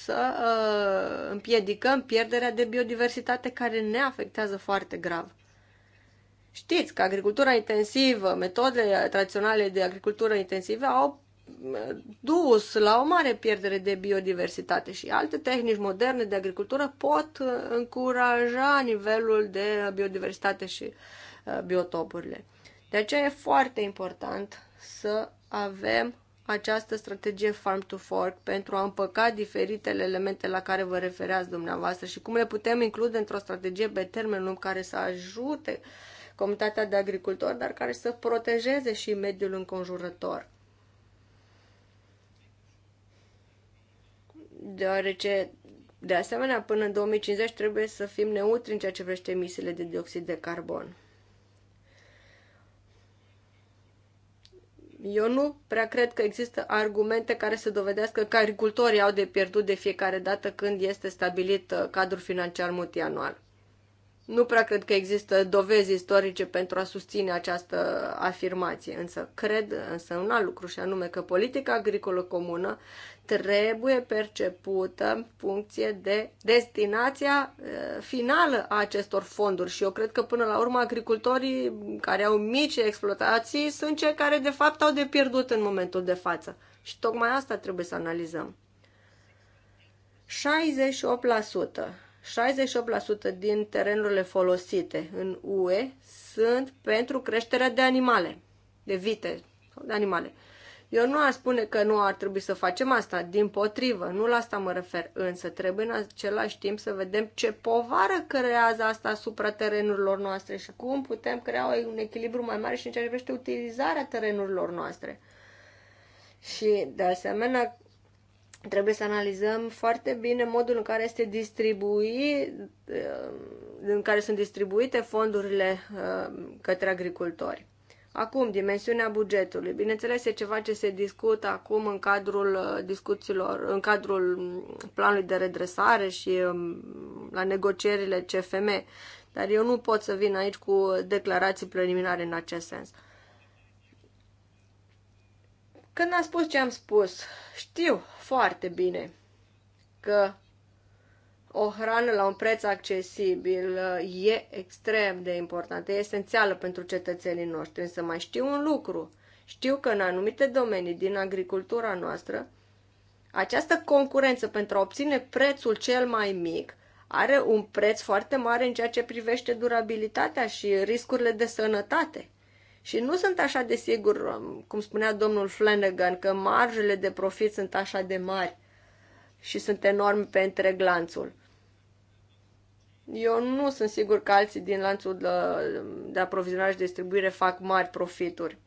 să uh, împiedicăm pierderea de biodiversitate care ne afectează foarte grav. Știți că agricultura intensivă, metodele tradiționale de agricultură intensivă au uh, dus la o mare pierdere de biodiversitate și alte tehnici moderne de agricultură pot uh, încuraja nivelul de biodiversitate și uh, biotopurile. De aceea e foarte important să avem această strategie Farm to Fork pentru a împăca diferitele elemente la care vă refereați dumneavoastră și cum le putem include într-o strategie pe termen lung care să ajute comunitatea de agricultori, dar care să protejeze și mediul înconjurător. Deoarece, de asemenea, până în 2050 trebuie să fim neutri în ceea ce vrește emisiile de dioxid de carbon. Eu nu prea cred că există argumente care să dovedească că agricultorii au de pierdut de fiecare dată când este stabilit uh, cadrul financiar multianual. Nu prea cred că există dovezi istorice pentru a susține această afirmație, însă cred însă un alt lucru și anume că politica agricolă comună trebuie percepută în funcție de destinația finală a acestor fonduri și eu cred că până la urmă agricultorii care au mici exploatații sunt cei care de fapt au de pierdut în momentul de față și tocmai asta trebuie să analizăm. 68% 68% din terenurile folosite în UE sunt pentru creșterea de animale, de vite sau de animale. Eu nu aș spune că nu ar trebui să facem asta, din potrivă, nu la asta mă refer, însă trebuie în același timp să vedem ce povară creează asta asupra terenurilor noastre și cum putem crea un echilibru mai mare și în ceea ce privește utilizarea terenurilor noastre. Și, de asemenea, trebuie să analizăm foarte bine modul în care este distribuit, uh, în care sunt distribuite fondurile uh, către agricultori. Acum, dimensiunea bugetului. Bineînțeles, e ceva ce se discută acum în cadrul uh, discuțiilor, în cadrul planului de redresare și um, la negocierile CFM, dar eu nu pot să vin aici cu declarații preliminare în acest sens. Când a spus ce am spus, știu foarte bine că o hrană la un preț accesibil uh, e extrem de importantă, e esențială pentru cetățenii noștri, însă mai știu un lucru. Știu că în anumite domenii din agricultura noastră, această concurență pentru a obține prețul cel mai mic are un preț foarte mare în ceea ce privește durabilitatea și riscurile de sănătate. Și nu sunt așa de sigur, um, cum spunea domnul Flanagan, că marjele de profit sunt așa de mari și sunt enorme pe întreg lanțul. Eu nu sunt sigur că alții din lanțul de, de aprovizionare și distribuire fac mari profituri.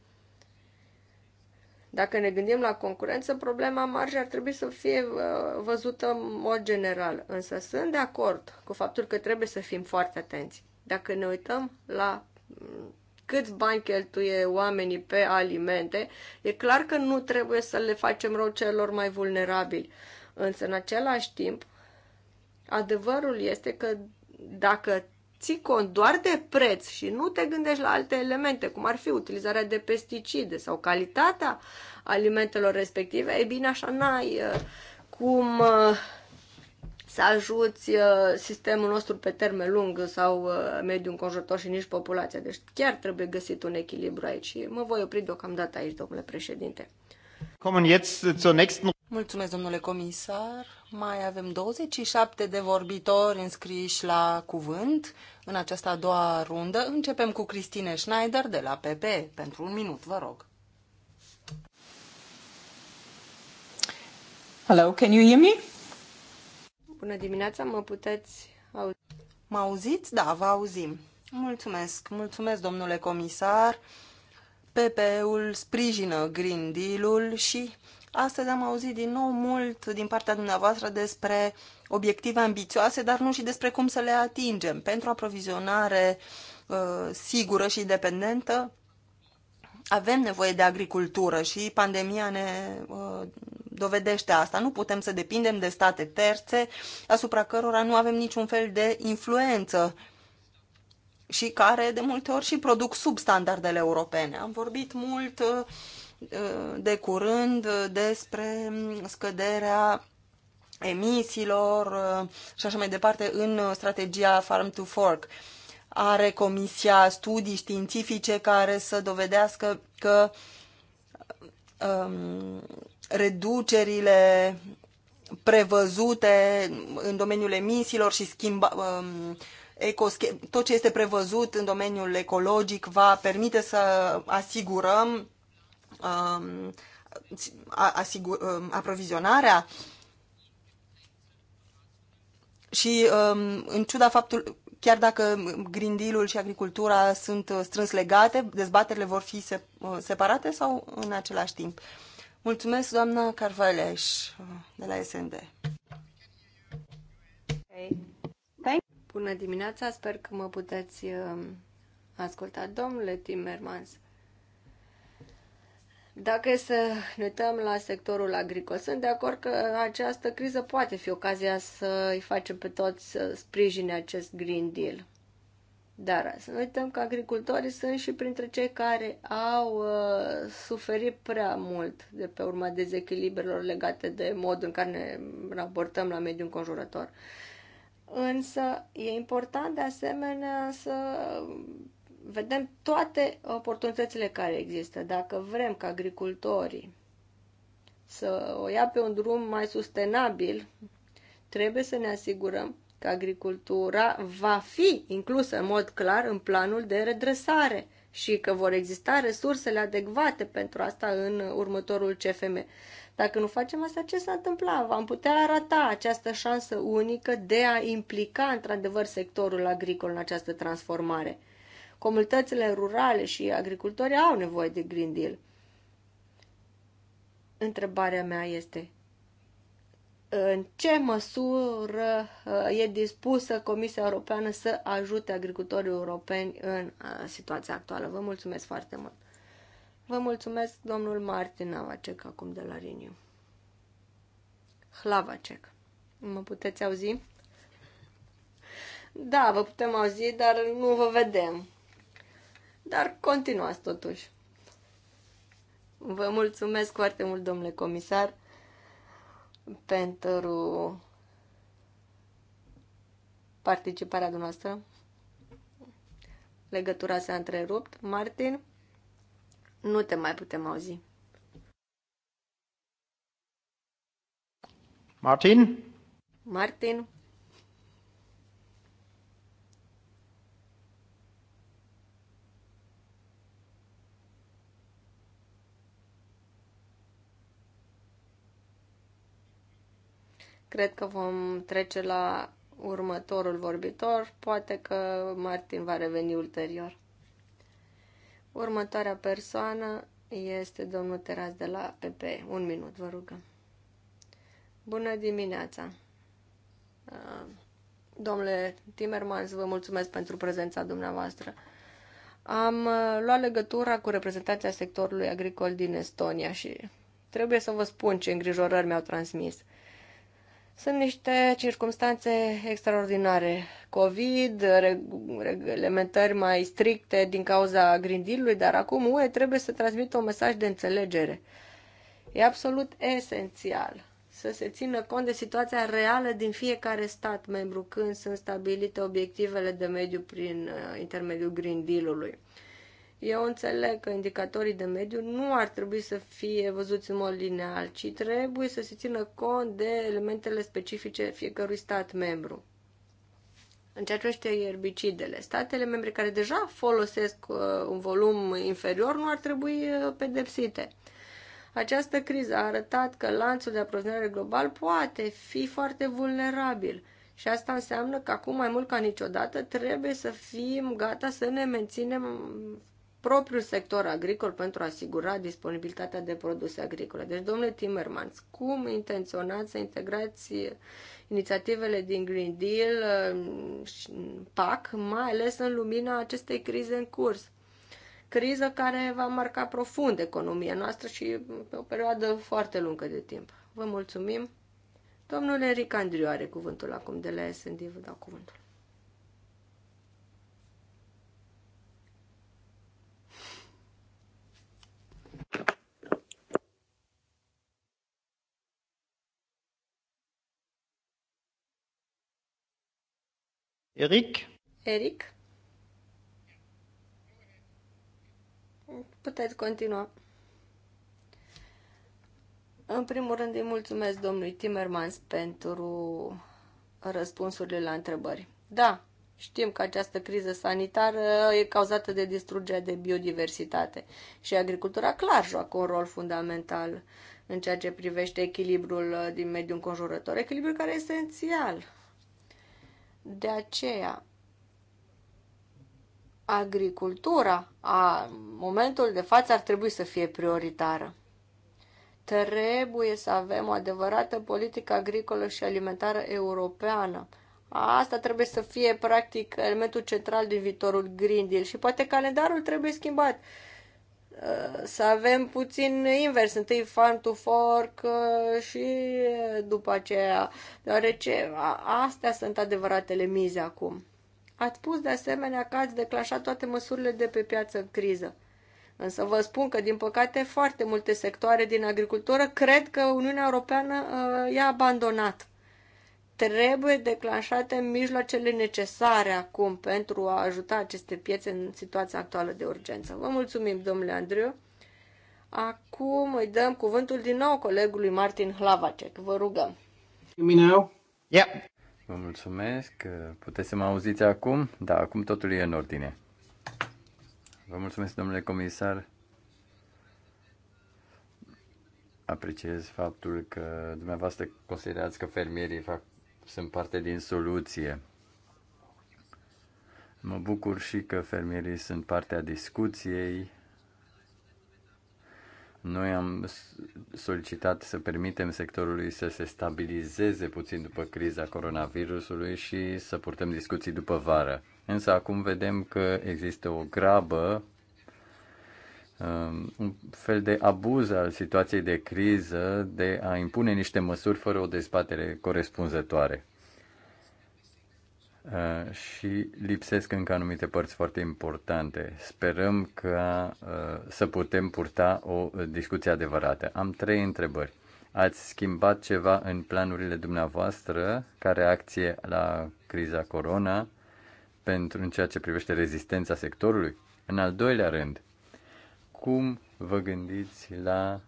Dacă ne gândim la concurență, problema marjei ar trebui să fie uh, văzută în mod general. Însă sunt de acord cu faptul că trebuie să fim foarte atenți. Dacă ne uităm la mm, cât bani cheltuie oamenii pe alimente, e clar că nu trebuie să le facem rău celor mai vulnerabili. Însă, în același timp, adevărul este că dacă ții cont doar de preț și nu te gândești la alte elemente, cum ar fi utilizarea de pesticide sau calitatea alimentelor respective, e bine, așa n-ai uh, cum uh, să ajuți uh, sistemul nostru pe termen lung sau uh, mediul înconjurător și nici populația. Deci chiar trebuie găsit un echilibru aici mă voi opri deocamdată aici, domnule președinte. Mulțumesc, domnule comisar. Mai avem 27 de vorbitori înscriși la cuvânt. În această a doua rundă începem cu Cristine Schneider de la PP. Pentru un minut, vă rog. Hello, can you hear me? Bună dimineața, mă puteți auzi? Mă auziți? Da, vă auzim. Mulțumesc, mulțumesc, domnule comisar. PPE-ul sprijină Green Deal-ul și astăzi am auzit din nou mult din partea dumneavoastră despre obiective ambițioase, dar nu și despre cum să le atingem. Pentru aprovizionare uh, sigură și independentă, avem nevoie de agricultură și pandemia ne uh, dovedește asta. Nu putem să depindem de state terțe asupra cărora nu avem niciun fel de influență și care de multe ori și produc sub standardele europene. Am vorbit mult uh, de curând despre scăderea emisiilor uh, și așa mai departe în strategia Farm to Fork. Uh, are comisia studii științifice care să dovedească că um, reducerile prevăzute în domeniul emisiilor și schimba, um, ecosche- tot ce este prevăzut în domeniul ecologic va permite să asigurăm um, asigur, um, aprovizionarea și um, în ciuda faptului chiar dacă Green Deal-ul și agricultura sunt uh, strâns legate, dezbaterile vor fi uh, separate sau în același timp? Mulțumesc, doamna Carvaleș, uh, de la SND. Bună dimineața, sper că mă puteți asculta, domnule Timmermans. Dacă e să ne uităm la sectorul agricol, sunt de acord că această criză poate fi ocazia să îi facem pe toți să sprijine acest Green Deal. Dar să nu uităm că agricultorii sunt și printre cei care au uh, suferit prea mult de pe urma dezechilibrelor legate de modul în care ne raportăm la mediul înconjurător. Însă e important de asemenea să vedem toate oportunitățile care există. Dacă vrem ca agricultorii să o ia pe un drum mai sustenabil, trebuie să ne asigurăm că agricultura va fi inclusă în mod clar în planul de redresare și că vor exista resursele adecvate pentru asta în următorul CFM. Dacă nu facem asta, ce s-a întâmplat? Am putea arăta această șansă unică de a implica într-adevăr sectorul agricol în această transformare. Comunitățile rurale și agricultorii au nevoie de Green Deal. Întrebarea mea este, în ce măsură uh, e dispusă Comisia Europeană să ajute agricultorii europeni în uh, situația actuală? Vă mulțumesc foarte mult! Vă mulțumesc, domnul Martin Navacek, acum de la Riniu. Hlavacek. Mă puteți auzi? Da, vă putem auzi, dar nu vă vedem. Dar continuați totuși. Vă mulțumesc foarte mult, domnule comisar, pentru participarea dumneavoastră. Legătura s-a întrerupt. Martin, nu te mai putem auzi. Martin? Martin? Cred că vom trece la următorul vorbitor. Poate că Martin va reveni ulterior. Următoarea persoană este domnul Teras de la PP. Un minut, vă rugăm. Bună dimineața! Uh, domnule Timmermans, vă mulțumesc pentru prezența dumneavoastră. Am uh, luat legătura cu reprezentația sectorului agricol din Estonia și trebuie să vă spun ce îngrijorări mi-au transmis. Sunt niște circumstanțe extraordinare. COVID, reglementări mai stricte din cauza grindilului, dar acum UE trebuie să transmită un mesaj de înțelegere. E absolut esențial să se țină cont de situația reală din fiecare stat membru când sunt stabilite obiectivele de mediu prin uh, intermediul grindilului. Eu înțeleg că indicatorii de mediu nu ar trebui să fie văzuți în mod lineal, ci trebuie să se țină cont de elementele specifice fiecărui stat membru. În ceea ce privește erbicidele, statele membre care deja folosesc uh, un volum inferior nu ar trebui uh, pedepsite. Această criză a arătat că lanțul de aprovizionare global poate fi foarte vulnerabil și asta înseamnă că acum mai mult ca niciodată trebuie să fim gata să ne menținem propriul sector agricol pentru a asigura disponibilitatea de produse agricole. Deci, domnule Timmermans, cum intenționați să integrați inițiativele din Green Deal uh, și PAC, mai ales în lumina acestei crize în curs? Criză care va marca profund economia noastră și pe o perioadă foarte lungă de timp. Vă mulțumim! Domnul Enric Andriu are cuvântul acum de la SND, vă dau cuvântul. Eric? Eric? Puteți continua. În primul rând îi mulțumesc domnului Timmermans pentru răspunsurile la întrebări. Da, știm că această criză sanitară e cauzată de distrugerea de biodiversitate și agricultura clar joacă un rol fundamental în ceea ce privește echilibrul din mediul înconjurător, echilibru care e esențial de aceea, agricultura, a momentul de față, ar trebui să fie prioritară. Trebuie să avem o adevărată politică agricolă și alimentară europeană. Asta trebuie să fie, practic, elementul central din viitorul Green Deal și poate calendarul trebuie schimbat. Uh, să avem puțin invers, întâi farm to fork uh, și după aceea, deoarece astea sunt adevăratele mize acum. Ați spus de asemenea că ați declanșat toate măsurile de pe piață în criză. Însă vă spun că, din păcate, foarte multe sectoare din agricultură cred că Uniunea Europeană uh, i-a abandonat trebuie declanșate mijloacele necesare acum pentru a ajuta aceste piețe în situația actuală de urgență. Vă mulțumim, domnule Andriu. Acum îi dăm cuvântul din nou colegului Martin Hlavacek. Vă rugăm. Mineu? Yeah. Vă mulțumesc. Puteți să mă auziți acum? Da, acum totul e în ordine. Vă mulțumesc, domnule comisar. Apreciez faptul că dumneavoastră considerați că fermierii fac sunt parte din soluție. Mă bucur și că fermierii sunt partea discuției. Noi am solicitat să permitem sectorului să se stabilizeze puțin după criza coronavirusului și să purtăm discuții după vară. Însă acum vedem că există o grabă Um, un fel de abuz al situației de criză de a impune niște măsuri fără o dezbatere corespunzătoare. Uh, și lipsesc încă anumite părți foarte importante. Sperăm că uh, să putem purta o uh, discuție adevărată. Am trei întrebări. Ați schimbat ceva în planurile dumneavoastră ca reacție la criza corona pentru în ceea ce privește rezistența sectorului? În al doilea rând, cum vă gândiți la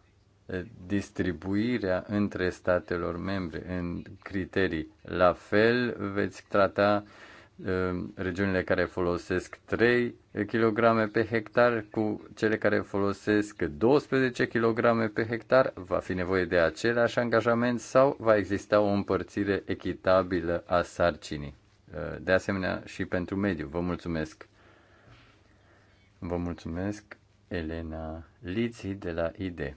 eh, distribuirea între statelor membre în criterii. La fel veți trata eh, regiunile care folosesc 3 kg pe hectar cu cele care folosesc 12 kg pe hectar? Va fi nevoie de același angajament sau va exista o împărțire echitabilă a sarcinii? Eh, de asemenea și pentru mediu. Vă mulțumesc! Vă mulțumesc! Elena Liți de la ID.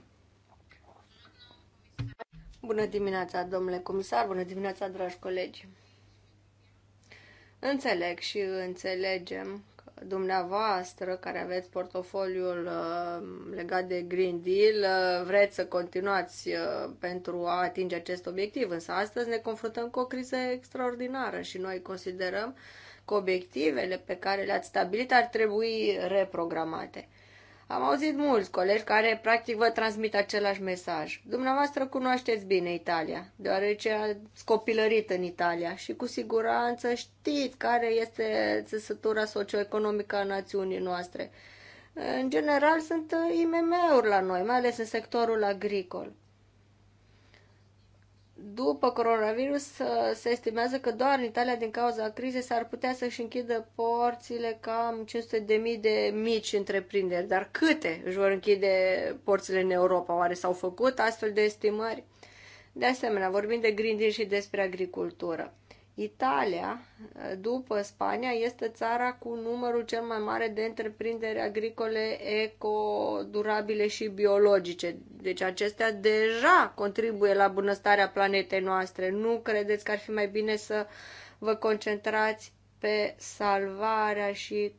Bună dimineața, domnule comisar, bună dimineața, dragi colegi. Înțeleg și înțelegem că dumneavoastră, care aveți portofoliul uh, legat de Green Deal, uh, vreți să continuați uh, pentru a atinge acest obiectiv, însă astăzi ne confruntăm cu o criză extraordinară și noi considerăm că obiectivele pe care le-ați stabilit ar trebui reprogramate. Am auzit mulți colegi care practic vă transmit același mesaj. Dumneavoastră cunoașteți bine Italia, deoarece ați copilărit în Italia și cu siguranță știți care este țesătura socioeconomică a națiunii noastre. În general sunt IMM-uri la noi, mai ales în sectorul agricol după coronavirus se estimează că doar în Italia, din cauza crizei, s-ar putea să-și închidă porțile cam 500.000 de mici întreprinderi. Dar câte își vor închide porțile în Europa? Oare s-au făcut astfel de estimări? De asemenea, vorbim de grindin și despre agricultură. Italia, după Spania, este țara cu numărul cel mai mare de întreprinderi agricole eco-durabile și biologice. Deci acestea deja contribuie la bunăstarea planetei noastre. Nu credeți că ar fi mai bine să vă concentrați pe salvarea și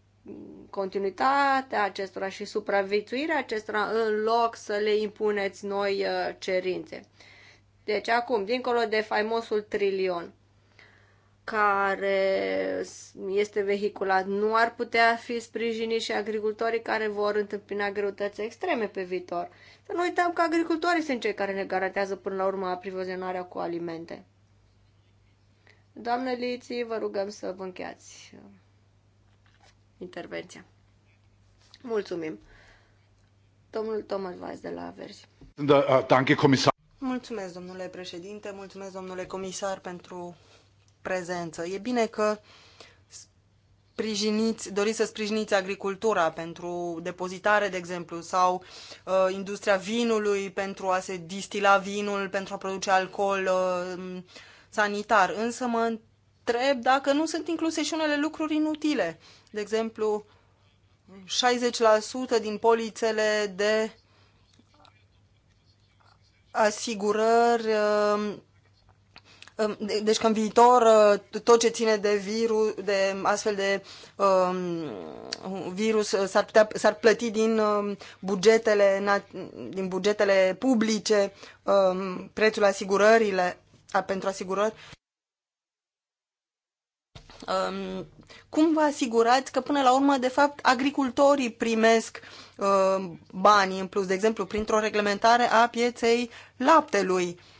continuitatea acestora și supraviețuirea acestora în loc să le impuneți noi uh, cerințe. Deci acum, dincolo de faimosul trilion, care este vehiculat nu ar putea fi sprijinit și agricultorii care vor întâmpina greutăți extreme pe viitor. Să nu uităm că agricultorii sunt cei care ne garantează până la urmă aprovizionarea cu alimente. Doamne Liții, vă rugăm să vă încheiați uh, intervenția. Mulțumim. Domnul Tomas Vaz de la Averzi. Da, uh, danke, comisar. Mulțumesc, domnule președinte, mulțumesc, domnule comisar, pentru prezență. E bine că sprijiniți, doriți să sprijiniți agricultura pentru depozitare, de exemplu, sau uh, industria vinului pentru a se distila vinul, pentru a produce alcool uh, sanitar. Însă mă întreb dacă nu sunt incluse și unele lucruri inutile. De exemplu, 60% din polițele de asigurări uh, deci că în viitor ă, tot ce ține de virus, de astfel de um, virus ă, s-ar, putea, s-ar plăti din um, bugetele, din bugetele publice, um, prețul asigurările, a, pentru asigurări. Um, cum vă asigurați că până la urmă, de fapt, agricultorii primesc uh, banii în plus, de exemplu, printr-o reglementare a pieței laptelui? Uh,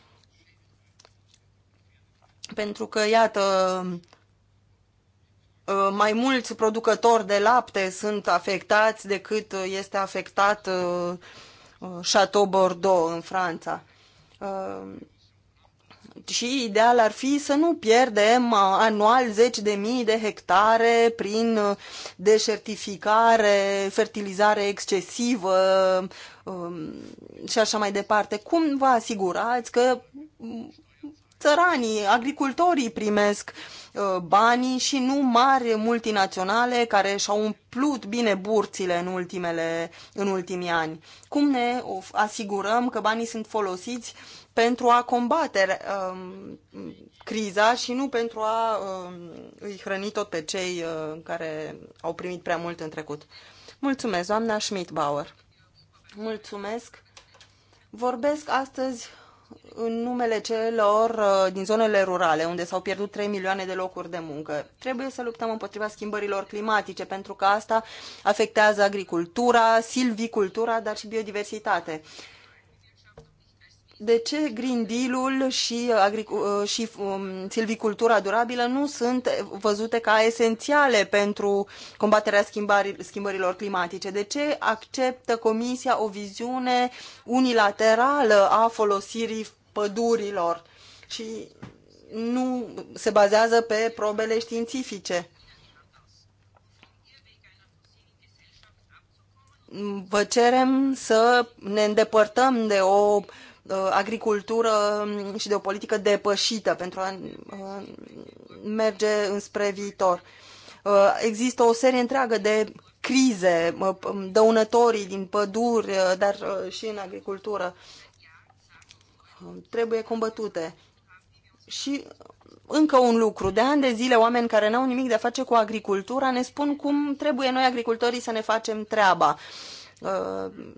pentru că, iată, uh, mai mulți producători de lapte sunt afectați decât este afectat uh, uh, Chateau Bordeaux în Franța. Și ideal ar fi să nu pierdem anual zeci de mii de hectare prin deșertificare, fertilizare excesivă um, și așa mai departe. Cum vă asigurați că țăranii, agricultorii primesc uh, banii și nu mari multinaționale care și-au umplut bine burțile în, ultimele, în ultimii ani. Cum ne asigurăm că banii sunt folosiți pentru a combate um, criza și nu pentru a um, îi hrăni tot pe cei uh, care au primit prea mult în trecut. Mulțumesc, doamna Schmidt-Bauer. Mulțumesc. Vorbesc astăzi în numele celor uh, din zonele rurale, unde s-au pierdut 3 milioane de locuri de muncă. Trebuie să luptăm împotriva schimbărilor climatice, pentru că asta afectează agricultura, silvicultura, dar și biodiversitate de ce Green Deal-ul și, uh, uh, și um, silvicultura durabilă nu sunt văzute ca esențiale pentru combaterea schimbărilor climatice? De ce acceptă Comisia o viziune unilaterală a folosirii pădurilor și nu se bazează pe probele științifice? Vă cerem să ne îndepărtăm de o Uh, agricultură um, și de o politică depășită pentru a uh, merge înspre viitor. Uh, există o serie întreagă de crize, um, dăunătorii din păduri, dar și în agricultură. Trebuie combătute. Și încă un lucru. De ani de zile, oameni care n-au nimic de a face cu agricultura ne spun cum trebuie noi, agricultorii, să ne facem treaba. Uh, Uh,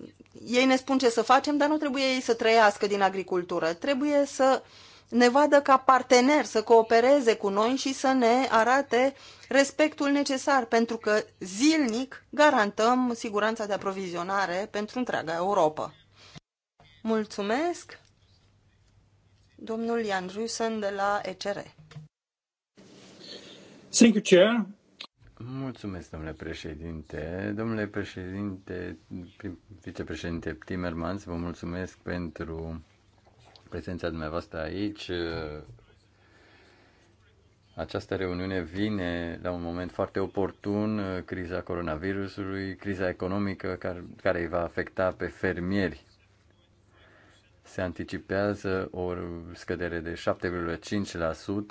ei ne spun ce să facem, dar nu trebuie ei să trăiască din agricultură. Trebuie să ne vadă ca partener, să coopereze cu noi și să ne arate respectul necesar, pentru că zilnic garantăm siguranța de aprovizionare pentru întreaga Europa. Mulțumesc, domnul Ian Rusen de la ECR. Thank you, Chair. Mulțumesc, domnule președinte. Domnule președinte, vicepreședinte Timmermans, vă mulțumesc pentru prezența dumneavoastră aici. Această reuniune vine la un moment foarte oportun, criza coronavirusului, criza economică care, care îi va afecta pe fermieri se anticipează o scădere de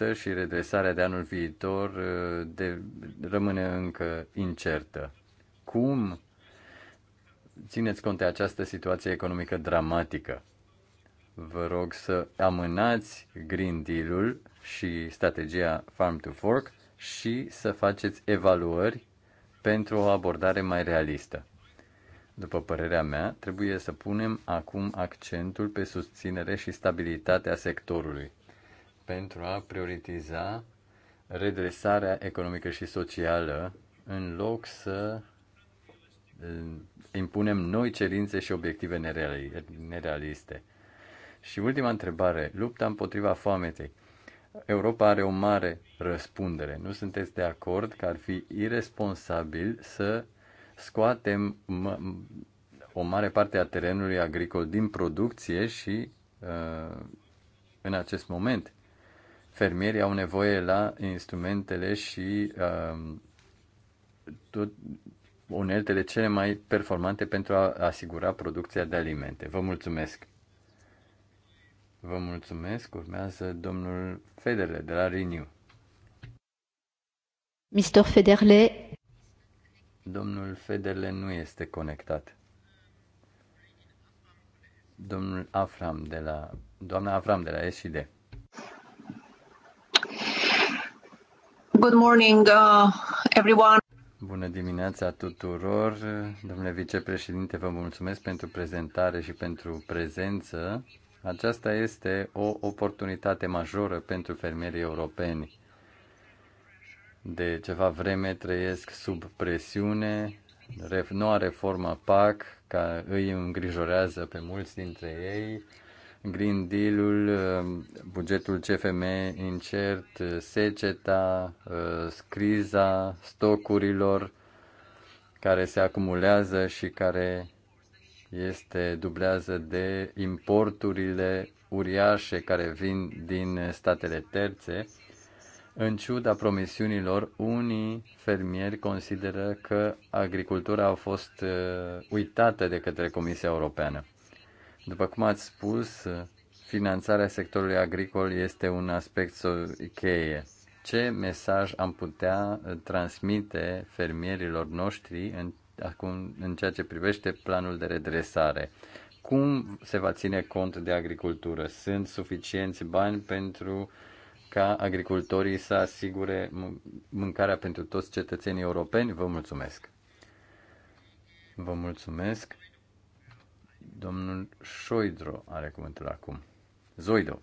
7,5% și redresarea de anul viitor uh, de, rămâne încă incertă. Cum țineți cont de această situație economică dramatică? Vă rog să amânați Green Deal-ul și strategia Farm to Fork și să faceți evaluări pentru o abordare mai realistă. După părerea mea, trebuie să punem acum accentul pe susținere și stabilitatea sectorului pentru a prioritiza redresarea economică și socială în loc să eh, impunem noi cerințe și obiective nerealiste. Și ultima întrebare, lupta împotriva foametei. Europa are o mare răspundere. Nu sunteți de acord că ar fi irresponsabil să scoatem o mare parte a terenului agricol din producție și uh, în acest moment fermierii au nevoie la instrumentele și uh, tot uneltele cele mai performante pentru a asigura producția de alimente. Vă mulțumesc! Vă mulțumesc! Urmează domnul Federle de la Renew. Mr. Federle, Domnul Federle nu este conectat. Domnul Afram de la, doamna Afram de la SID. Good morning, uh, everyone. Bună dimineața tuturor. Domnule vicepreședinte, vă mulțumesc pentru prezentare și pentru prezență. Aceasta este o oportunitate majoră pentru fermierii europeni de ceva vreme trăiesc sub presiune. Noua reformă PAC, ca îi îngrijorează pe mulți dintre ei, Green Deal-ul, uh, bugetul CFM incert, uh, seceta, uh, criza stocurilor care se acumulează și care este dublează de importurile uriașe care vin din statele terțe în ciuda promisiunilor, unii fermieri consideră că agricultura a fost uh, uitată de către Comisia Europeană. După cum ați spus, finanțarea sectorului agricol este un aspect cheie. Ce mesaj am putea uh, transmite fermierilor noștri în, acum, în ceea ce privește planul de redresare? Cum se va ține cont de agricultură? Sunt suficienți bani pentru uh, ca agricultorii să asigure mâncarea pentru toți cetățenii europeni. Vă mulțumesc! Vă mulțumesc! Domnul Șoidro are cuvântul acum. Zoido!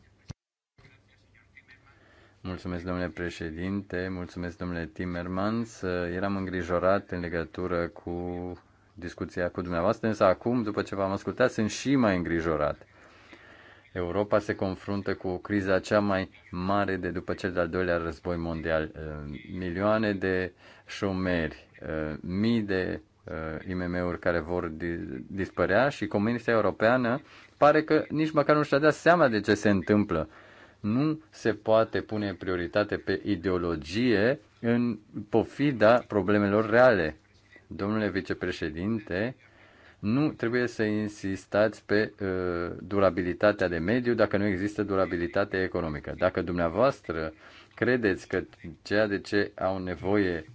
Mulțumesc, domnule președinte, mulțumesc, domnule Timmermans. Eram îngrijorat în legătură cu discuția cu dumneavoastră, însă acum, după ce v-am ascultat, sunt și mai îngrijorat. Europa se confruntă cu o criză cea mai mare de după cel de-al doilea război mondial. Uh, milioane de șomeri, uh, mii de uh, IMM-uri care vor dispărea și Comisia Europeană pare că nici măcar nu și-a dat seama de ce se întâmplă. Nu se poate pune prioritate pe ideologie în pofida problemelor reale. Domnule vicepreședinte, nu trebuie să insistați pe uh, durabilitatea de mediu dacă nu există durabilitate economică. Dacă dumneavoastră credeți că ceea de ce au nevoie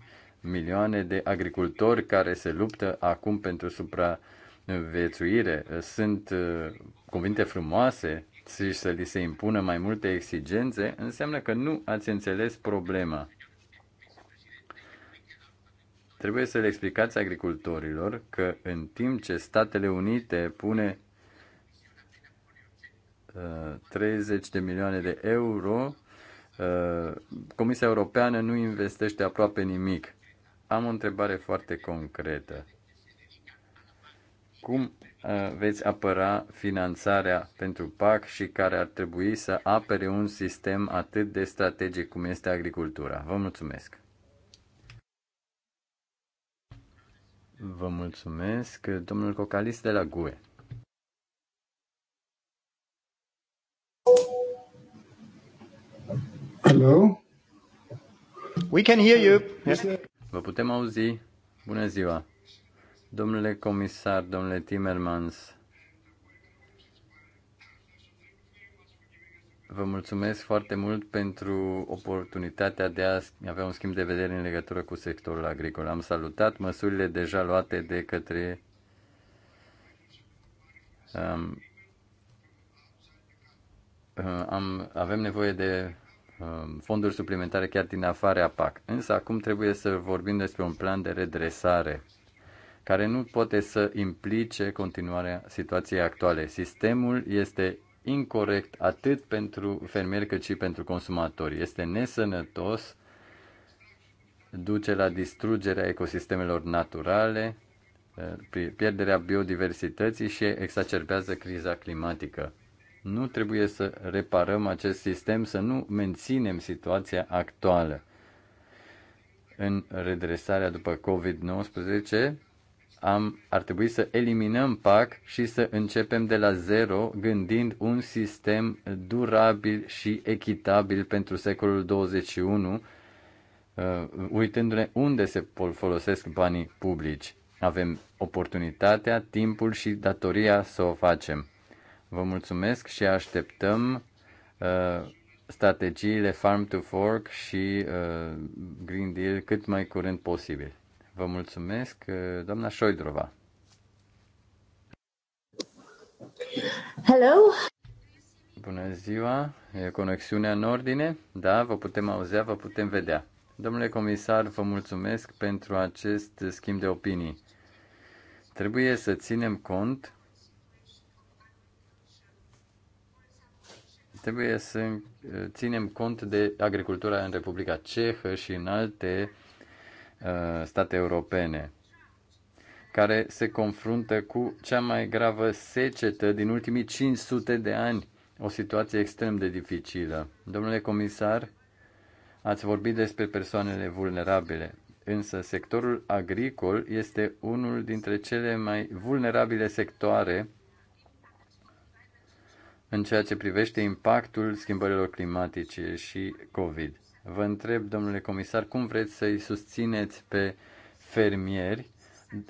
milioane de agricultori care se luptă acum pentru supraviețuire uh, sunt uh, cuvinte frumoase și să li se impună mai multe exigențe, înseamnă că nu ați înțeles problema. Trebuie să le explicați agricultorilor că în timp ce Statele Unite pune 30 uh, de milioane de euro, uh, Comisia Europeană nu investește aproape nimic. Am o întrebare foarte concretă. Cum uh, veți apăra finanțarea pentru PAC și care ar trebui să apere un sistem atât de strategic cum este agricultura? Vă mulțumesc! Vă mulțumesc, domnul Cocalis de la GUE. Hello? We can hear you. Vă putem auzi. Bună ziua. Domnule comisar, domnule Timmermans, Vă mulțumesc foarte mult pentru oportunitatea de a avea un schimb de vedere în legătură cu sectorul agricol. Am salutat măsurile deja luate de către um, uh, am, avem nevoie de um, fonduri suplimentare chiar din afara PAC. Însă acum trebuie să vorbim despre un plan de redresare care nu poate să implice continuarea situației actuale. Sistemul este incorrect atât pentru fermieri cât și pentru consumatori. Este nesănătos, duce la distrugerea ecosistemelor naturale, eh, pierderea biodiversității și exacerbează criza climatică. Nu trebuie să reparăm acest sistem, să nu menținem situația actuală. În redresarea după COVID-19, am, ar trebui să eliminăm PAC și să începem de la zero, gândind un sistem durabil și echitabil pentru secolul 21, uh, uitându-ne unde se folosesc banii publici. Avem oportunitatea, timpul și datoria să o facem. Vă mulțumesc și așteptăm uh, strategiile Farm to Fork și uh, Green Deal cât mai curând posibil. Vă mulțumesc, doamna Șoidrova. Hello! Bună ziua! E conexiunea în ordine? Da, vă putem auzea, vă putem vedea. Domnule comisar, vă mulțumesc pentru acest schimb de opinii. Trebuie să ținem cont trebuie să ținem cont de agricultura în Republica Cehă și în alte Uh, state europene care se confruntă cu cea mai gravă secetă din ultimii 500 de ani, o situație extrem de dificilă. Domnule comisar, ați vorbit despre persoanele vulnerabile, însă sectorul agricol este unul dintre cele mai vulnerabile sectoare în ceea ce privește impactul schimbărilor climatice și COVID. Vă întreb, domnule comisar, cum vreți să-i susțineți pe fermieri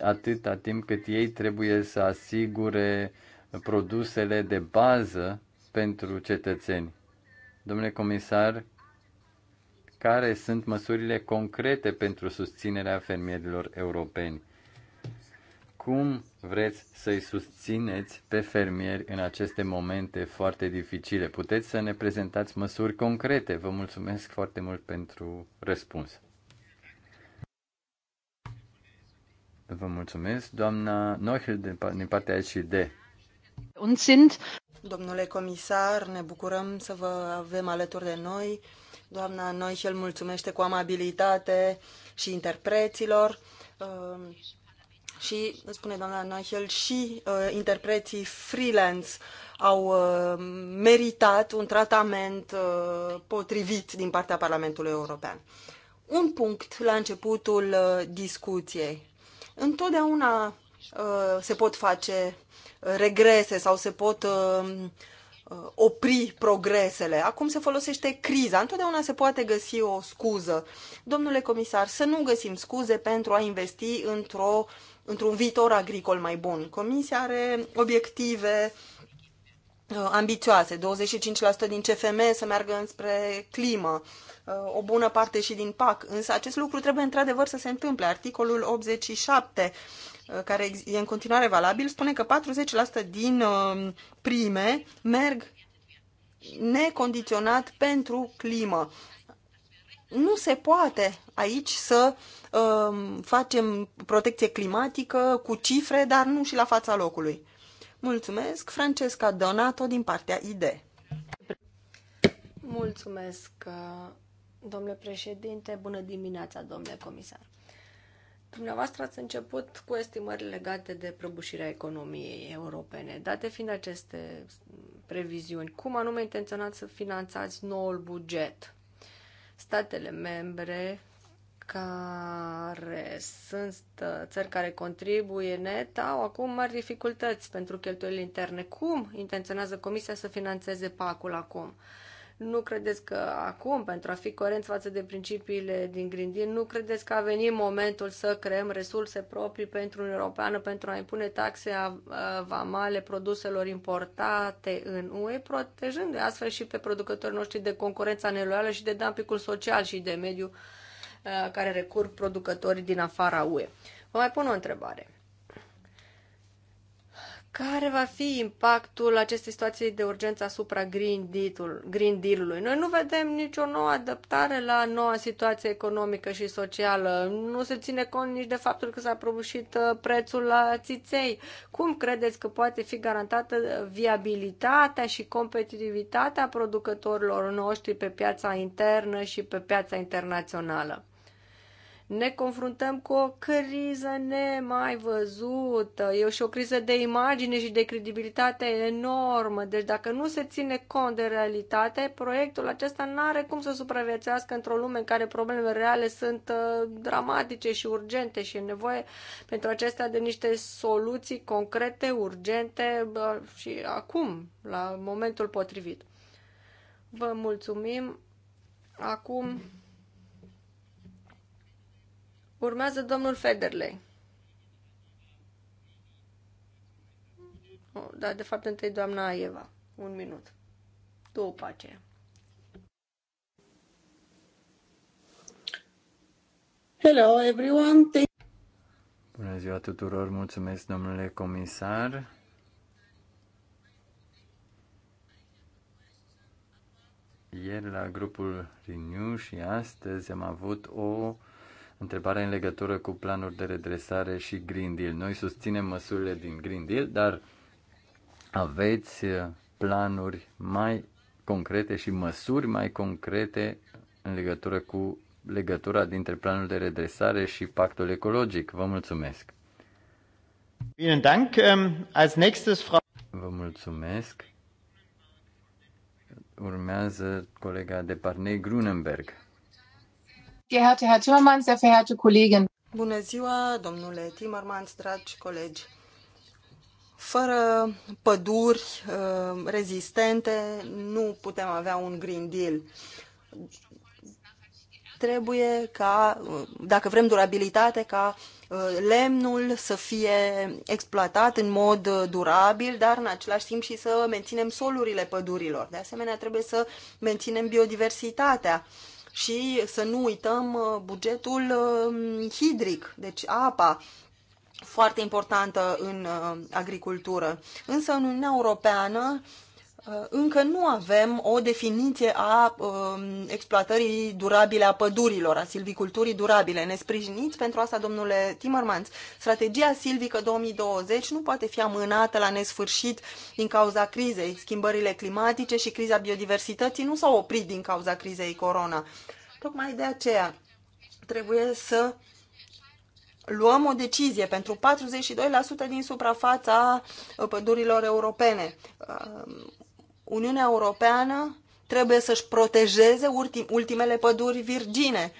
atâta timp cât ei trebuie să asigure produsele de bază pentru cetățeni? Domnule comisar, care sunt măsurile concrete pentru susținerea fermierilor europeni? Cum vreți să-i susțineți pe fermieri în aceste momente foarte dificile? Puteți să ne prezentați măsuri concrete. Vă mulțumesc foarte mult pentru răspuns. Vă mulțumesc, doamna Nochel, din partea de Un sind... Domnule comisar, ne bucurăm să vă avem alături de noi. Doamna Noichel mulțumește cu amabilitate și interpreților. Ehm, și, spune doamna Nahel, și uh, interpreții freelance au uh, meritat un tratament uh, potrivit din partea Parlamentului European. Un punct la începutul uh, discuției. Întotdeauna uh, se pot face uh, regrese sau se pot um, uh, opri progresele. Acum se folosește criza. Întotdeauna se poate găsi o scuză. Domnule comisar, să nu găsim scuze pentru a investi într-o uh, într-un viitor agricol mai bun. Comisia are obiective uh, ambițioase, 25% din CFM să meargă înspre climă, uh, o bună parte și din PAC, însă acest lucru trebuie într-adevăr să se întâmple. Articolul 87, uh, care e în continuare valabil, spune că 40% din prime merg necondiționat pentru climă nu se poate aici să uh, facem protecție climatică cu cifre, dar nu și la fața locului. Mulțumesc, Francesca Donato, din partea ID. Mulțumesc, uh, domnule președinte. Bună dimineața, domnule comisar. Dumneavoastră ați început cu estimări legate de prăbușirea economiei europene. Date fiind aceste previziuni, cum anume intenționați să finanțați noul buget statele membre care sunt țări care contribuie net au acum mari dificultăți pentru cheltuielile interne. Cum intenționează Comisia să financeze PAC-ul acum? Nu credeți că acum, pentru a fi corenți față de principiile din Green Deal, nu credeți că a venit momentul să creăm resurse proprii pentru Uniunea Europeană pentru a impune taxe vamale produselor importate în UE, protejând astfel și pe producătorii noștri de concurența neloială și de dumpingul social și de mediu care recurg producătorii din afara UE? Vă mai pun o întrebare. Care va fi impactul acestei situații de urgență asupra Green Deal-ului? Green Deal Noi nu vedem nicio nouă adaptare la noua situație economică și socială. Nu se ține cont nici de faptul că s-a prăbușit uh, prețul la țiței. Cum credeți că poate fi garantată viabilitatea și competitivitatea producătorilor noștri pe piața internă și pe piața internațională? ne confruntăm cu o criză nemai văzută. E și o criză de imagine și de credibilitate enormă. Deci dacă nu se ține cont de realitate, proiectul acesta nu are cum să supraviețească într-o lume în care problemele reale sunt uh, dramatice și urgente și e nevoie pentru acestea de niște soluții concrete, urgente și acum, la momentul potrivit. Vă mulțumim. Acum Urmează domnul Federley. Oh, da, de fapt, întâi doamna Eva. Un minut. Două pace. Hello, everyone. Bună ziua tuturor, mulțumesc domnule comisar. Ieri la grupul Renew și astăzi am avut o Întrebarea în legătură cu planuri de redresare și Green Deal. Noi susținem măsurile din Green Deal, dar aveți uh, planuri mai concrete și măsuri mai concrete în legătură cu legătura dintre planul de redresare și pactul ecologic. Vă mulțumesc! Vielen Dank. Ähm, als nächstes Frau Vă mulțumesc. Urmează colega de Parnei Grunenberg geehrte Herr Timmermans, sehr verehrte Kollegin. Bună ziua, domnule Timmermans, dragi colegi. Fără păduri uh, rezistente nu putem avea un Green Deal. Trebuie ca, uh, dacă vrem durabilitate, ca uh, lemnul să fie exploatat în mod durabil, dar în același timp și să menținem solurile pădurilor. De asemenea, trebuie să menținem biodiversitatea și să nu uităm uh, bugetul uh, hidric, deci apa foarte importantă în uh, agricultură. Însă în Uniunea Europeană Uh, încă nu avem o definiție a um, exploatării durabile a pădurilor, a silviculturii durabile. Ne sprijiniți pentru asta, domnule Timmermans. Strategia silvică 2020 nu poate fi amânată la nesfârșit din cauza crizei. Schimbările climatice și criza biodiversității nu s-au oprit din cauza crizei corona. Tocmai de aceea trebuie să luăm o decizie pentru 42% din suprafața uh, pădurilor europene. Uh, Uniunea Europeană trebuie să-și protejeze ultimele păduri virgine.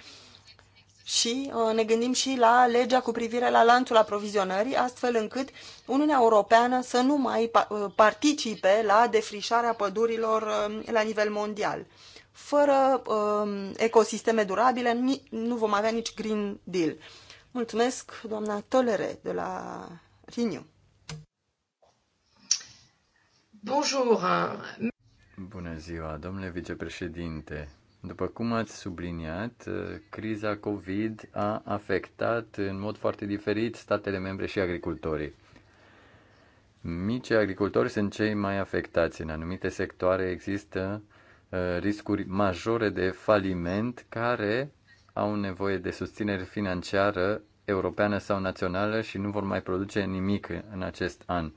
Și uh, ne gândim și la legea cu privire la lanțul aprovizionării, astfel încât Uniunea Europeană să nu mai uh, participe la defrișarea pădurilor uh, la nivel mondial. Fără ecosisteme durabile nu vom avea nici Green Deal. Mulțumesc, doamna Tolere de la Renew. Bonjour. Bună ziua, domnule vicepreședinte. După cum ați subliniat, criza COVID a afectat în mod foarte diferit statele membre și agricultorii. Micii agricultori sunt cei mai afectați. În anumite sectoare există uh, riscuri majore de faliment care au nevoie de susținere financiară europeană sau națională și nu vor mai produce nimic în acest an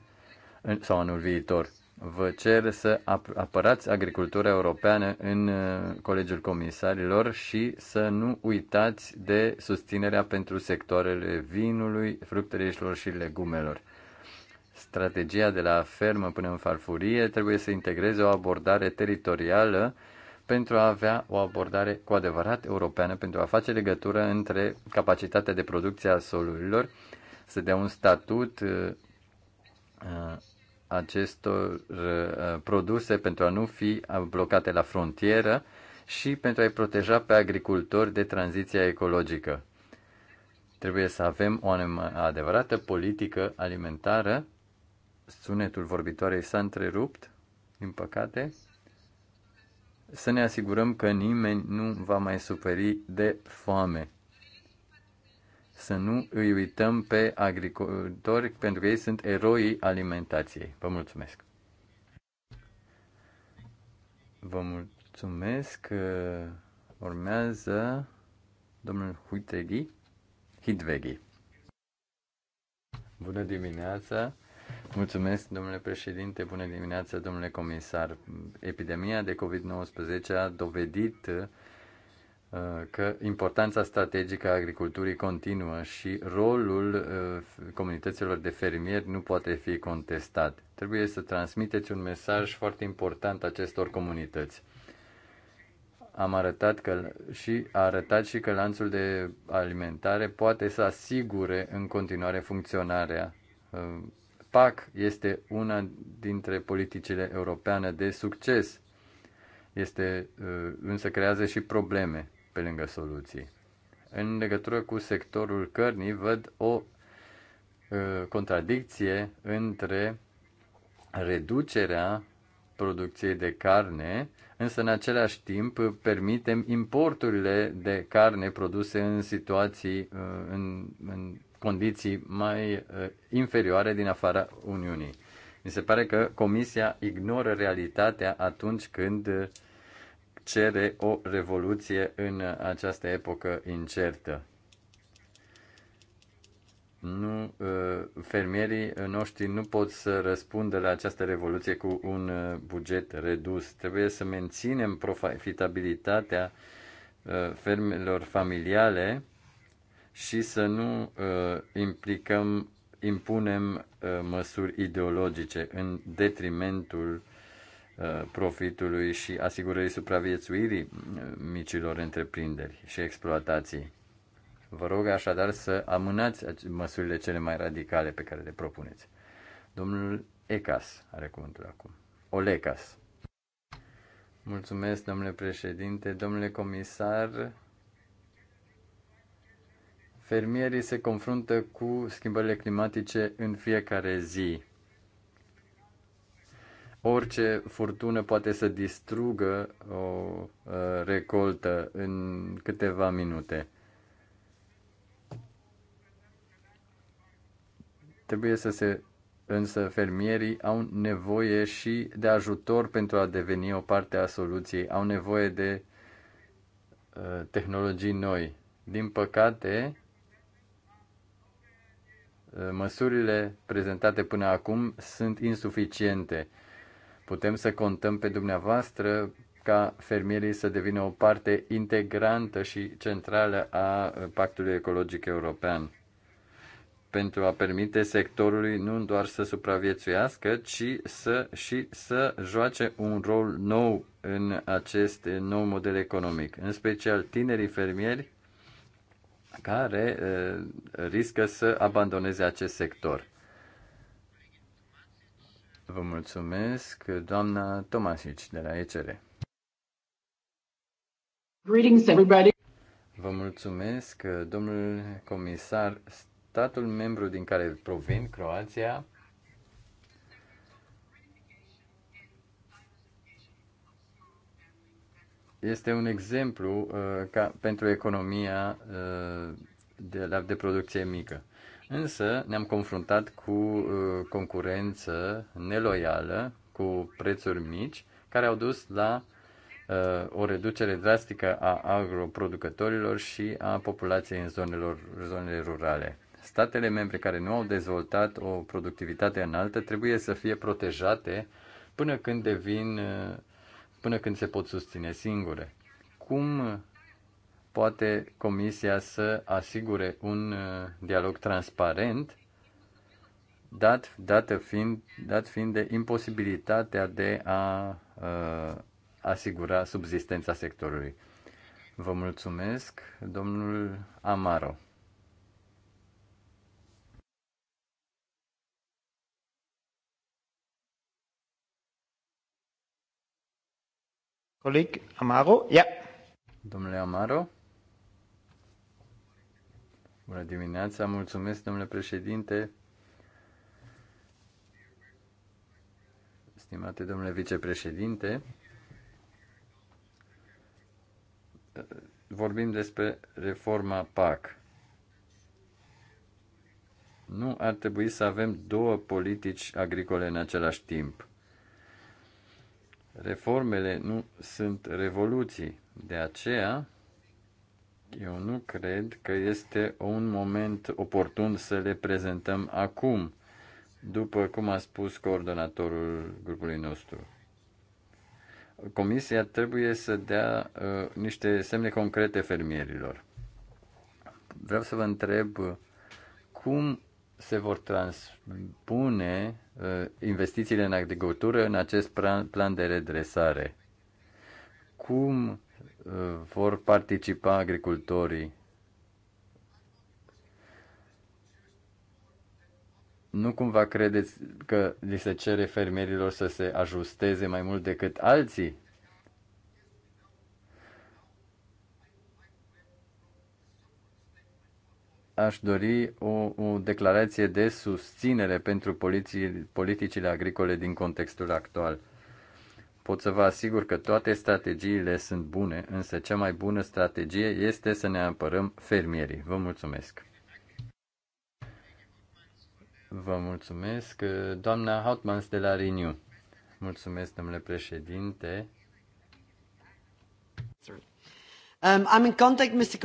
sau anul viitor vă cer să apărați agricultura europeană în uh, Colegiul Comisarilor și să nu uitați de susținerea pentru sectoarele vinului, fructelor și legumelor. Strategia de la fermă până în farfurie trebuie să integreze o abordare teritorială pentru a avea o abordare cu adevărat europeană, pentru a face legătură între capacitatea de producție a solurilor, să dea un statut uh, uh, acestor uh, produse pentru a nu fi blocate la frontieră și pentru a-i proteja pe agricultori de tranziția ecologică. Trebuie să avem o adevărată politică alimentară. Sunetul vorbitoarei s-a întrerupt, din păcate. Să ne asigurăm că nimeni nu va mai suferi de foame să nu îi uităm pe agricultori, pentru că ei sunt eroii alimentației. Vă mulțumesc! Vă mulțumesc! Urmează domnul Huitegi, Hidvegi. Bună dimineața! Mulțumesc, domnule președinte, bună dimineața, domnule comisar. Epidemia de COVID-19 a dovedit Uh, că importanța strategică a agriculturii continuă și rolul uh, comunităților de fermieri nu poate fi contestat. Trebuie să transmiteți un mesaj foarte important acestor comunități. Am arătat că și a arătat și că lanțul de alimentare poate să asigure în continuare funcționarea. Uh, PAC este una dintre politicile europene de succes. Este însă creează și probleme pe lângă soluții. În legătură cu sectorul cărnii, văd o uh, contradicție între reducerea producției de carne, însă în același timp permitem importurile de carne produse în situații, uh, în, în condiții mai uh, inferioare din afara Uniunii. Mi se pare că Comisia ignoră realitatea atunci când cere o revoluție în această epocă incertă. Nu, uh, fermierii noștri nu pot să răspundă la această revoluție cu un uh, buget redus. Trebuie să menținem profitabilitatea uh, fermelor familiale și să nu implicăm, impunem măsuri ideologice în detrimentul uh, Uh, profitului și asigurării supraviețuirii uh, micilor întreprinderi și exploatații. Vă rog așadar să amânați măsurile cele mai radicale pe care le propuneți. Domnul Ecas are cuvântul acum. Olecas. Mulțumesc, domnule președinte, domnule comisar. Fermierii se confruntă cu schimbările climatice în fiecare zi orice furtună poate să distrugă o uh, recoltă în câteva minute. Trebuie să se însă fermierii au nevoie și de ajutor pentru a deveni o parte a soluției, au nevoie de uh, tehnologii noi. Din păcate, uh, măsurile prezentate până acum sunt insuficiente Putem să contăm pe dumneavoastră ca fermierii să devină o parte integrantă și centrală a Pactului Ecologic European pentru a permite sectorului nu doar să supraviețuiască, ci să, și să joace un rol nou în acest nou model economic, în special tinerii fermieri care eh, riscă să abandoneze acest sector. Vă mulțumesc, doamna Tomasici de la ECR. Greetings, everybody. Vă mulțumesc, domnul comisar. Statul membru din care provin, Croația, este un exemplu uh, ca, pentru economia uh, de, la, de producție mică. Însă ne-am confruntat cu uh, concurență neloială, cu prețuri mici, care au dus la uh, o reducere drastică a agroproducătorilor și a populației în zonelor, zonele rurale. Statele membre care nu au dezvoltat o productivitate înaltă trebuie să fie protejate până când devin, uh, până când se pot susține singure. Cum poate Comisia să asigure un uh, dialog transparent, dat, dată fiind, dat fiind de imposibilitatea de a uh, asigura subzistența sectorului. Vă mulțumesc, domnul Amaro. Coleg Amaro, ia. Yeah. Domnule Amaro. Bună dimineața, mulțumesc, domnule președinte. Stimate domnule vicepreședinte, vorbim despre reforma PAC. Nu ar trebui să avem două politici agricole în același timp. Reformele nu sunt revoluții, de aceea eu nu cred că este un moment oportun să le prezentăm acum, după cum a spus coordonatorul grupului nostru. Comisia trebuie să dea uh, niște semne concrete fermierilor. Vreau să vă întreb uh, cum se vor transpune uh, investițiile în agricultură în acest plan, plan de redresare. Cum vor participa agricultorii. Nu cumva credeți că li se cere fermierilor să se ajusteze mai mult decât alții? Aș dori o, o declarație de susținere pentru politicile agricole din contextul actual. Pot să vă asigur că toate strategiile sunt bune, însă cea mai bună strategie este să ne apărăm fermierii. Vă mulțumesc! Vă mulțumesc, doamna Hautmans de la Renew. Mulțumesc, domnule președinte. Um, I'm in contact, Mr.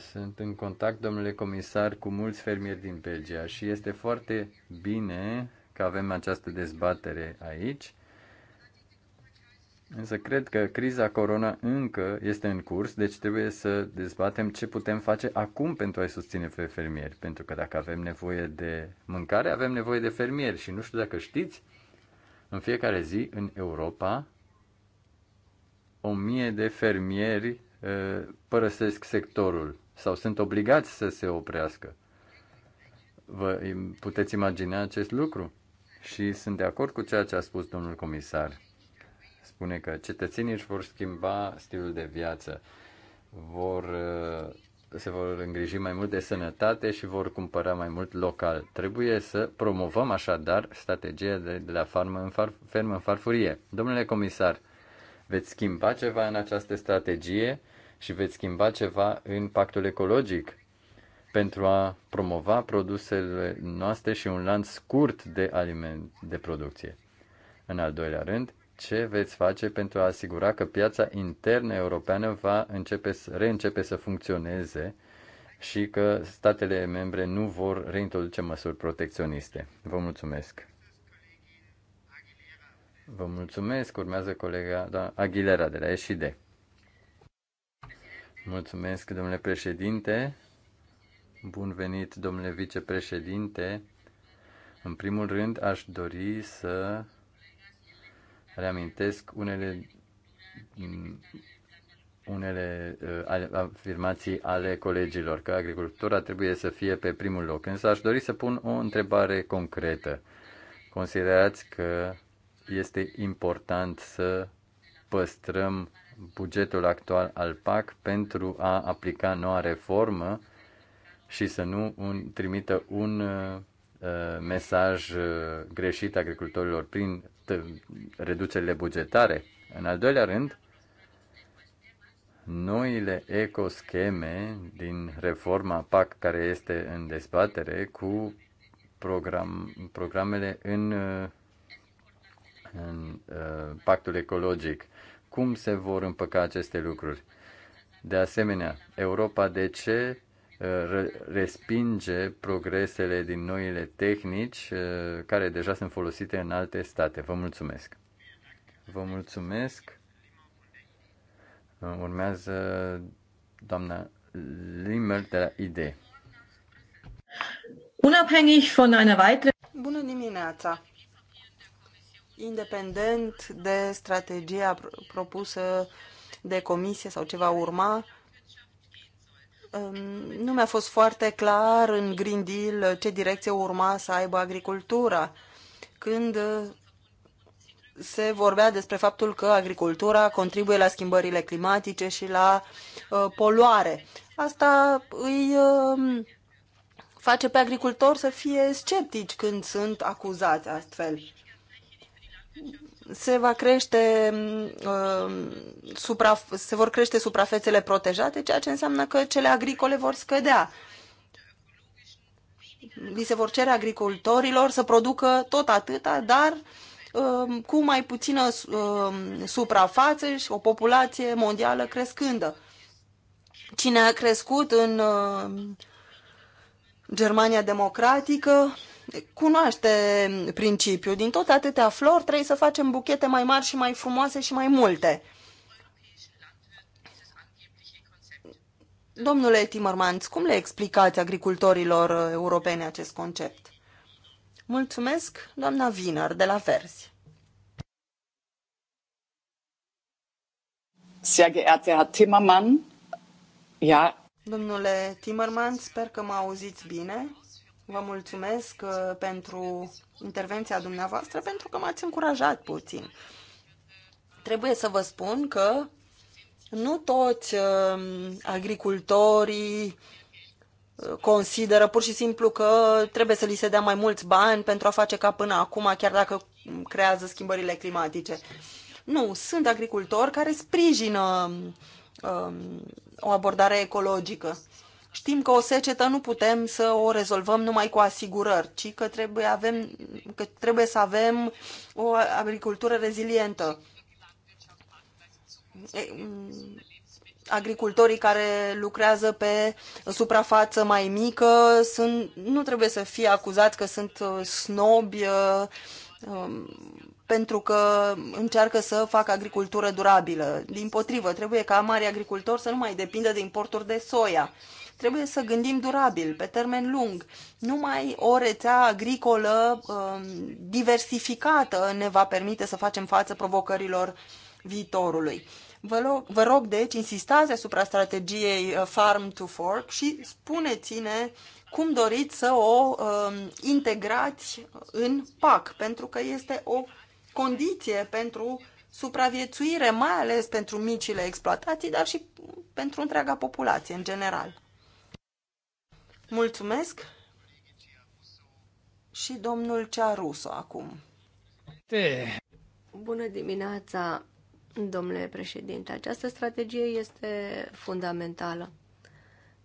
Sunt în contact, domnule comisar, cu mulți fermieri din Belgia și este foarte bine că avem această dezbatere aici. Însă cred că criza corona încă este în curs, deci trebuie să dezbatem ce putem face acum pentru a-i susține pe fermieri. Pentru că dacă avem nevoie de mâncare, avem nevoie de fermieri. Și nu știu dacă știți, în fiecare zi în Europa, o mie de fermieri uh, părăsesc sectorul sau sunt obligați să se oprească. Vă puteți imagina acest lucru? Și sunt de acord cu ceea ce a spus domnul comisar spune că cetățenii își vor schimba stilul de viață, vor, uh, se vor îngriji mai mult de sănătate și vor cumpăra mai mult local. Trebuie să promovăm așadar strategia de, de la farmă în, far, fermă în farfurie. Domnule comisar, veți schimba ceva în această strategie și veți schimba ceva în pactul ecologic pentru a promova produsele noastre și un lanț scurt de aliment de producție. În al doilea rând, ce veți face pentru a asigura că piața internă europeană va începe, reîncepe să funcționeze și că statele membre nu vor reintroduce măsuri protecționiste. Vă mulțumesc! Vă mulțumesc! Urmează colega Aguilera de la SID. Mulțumesc, domnule președinte! Bun venit, domnule vicepreședinte! În primul rând, aș dori să reamintesc unele unele uh, afirmații ale colegilor că agricultura trebuie să fie pe primul loc. Însă aș dori să pun o întrebare concretă. Considerați că este important să păstrăm bugetul actual al PAC pentru a aplica noua reformă și să nu un, trimită un uh, Uh, mesaj uh, greșit agricultorilor prin reducerile bugetare. În al doilea rând, noile ecoscheme din reforma PAC care este în dezbatere cu program, programele în, uh, în uh, pactul ecologic. Cum se vor împăca aceste lucruri? De asemenea, Europa de ce respinge progresele din noile tehnici uh, care deja sunt folosite în alte state. Vă mulțumesc! Vă mulțumesc! Uh, urmează doamna Limmer de la ID. Unabhängig von einer weiteren... Bună dimineața! Independent de strategia propusă de comisie sau ce va urma, nu mi-a fost foarte clar în Green Deal ce direcție urma să aibă agricultura. Când uh, se vorbea despre faptul că agricultura contribuie la schimbările climatice și la uh, poluare. Asta îi uh, face pe agricultori să fie sceptici când sunt acuzați astfel se va crește uh, supra, se vor crește suprafețele protejate, ceea ce înseamnă că cele agricole vor scădea. Li se vor cere agricultorilor să producă tot atâta, dar um, cu mai puțină um, suprafață și o populație mondială crescândă. Cine a crescut în Germania democratică cunoaște principiul. Din tot atâtea flori trebuie să facem buchete mai mari și mai frumoase și mai multe. Domnule Timmermans, cum le explicați agricultorilor europene acest concept? Mulțumesc, doamna Wiener, de la Verzi. Sehr Domnule Timmermans, sper că mă auziți bine. Vă mulțumesc uh, pentru intervenția dumneavoastră, pentru că m-ați încurajat puțin. Trebuie să vă spun că nu toți uh, agricultorii uh, consideră pur și simplu că trebuie să li se dea mai mulți bani pentru a face ca până acum, chiar dacă creează schimbările climatice. Nu, sunt agricultori care sprijină um, o abordare ecologică. Știm că o secetă nu putem să o rezolvăm numai cu asigurări, ci că trebuie, avem, că trebuie să avem o agricultură rezilientă. Mm, agricultorii care lucrează pe suprafață mai mică sunt, nu trebuie să fie acuzați că sunt uh, snobi uh, um, pentru că încearcă să facă agricultură durabilă. Din potrivă, trebuie ca mari agricultori să nu mai depindă de importuri de soia Trebuie să gândim durabil, pe termen lung. Numai o rețea agricolă um, diversificată ne va permite să facem față provocărilor viitorului. Vă rog, vă rog deci, insistați asupra strategiei uh, Farm to Fork și spuneți-ne cum doriți să o um, integrați în PAC, pentru că este o condiție pentru supraviețuire, mai ales pentru micile exploatații, dar și pentru întreaga populație în general. Mulțumesc și domnul Cearuso acum. Te. Bună dimineața, domnule președinte. Această strategie este fundamentală.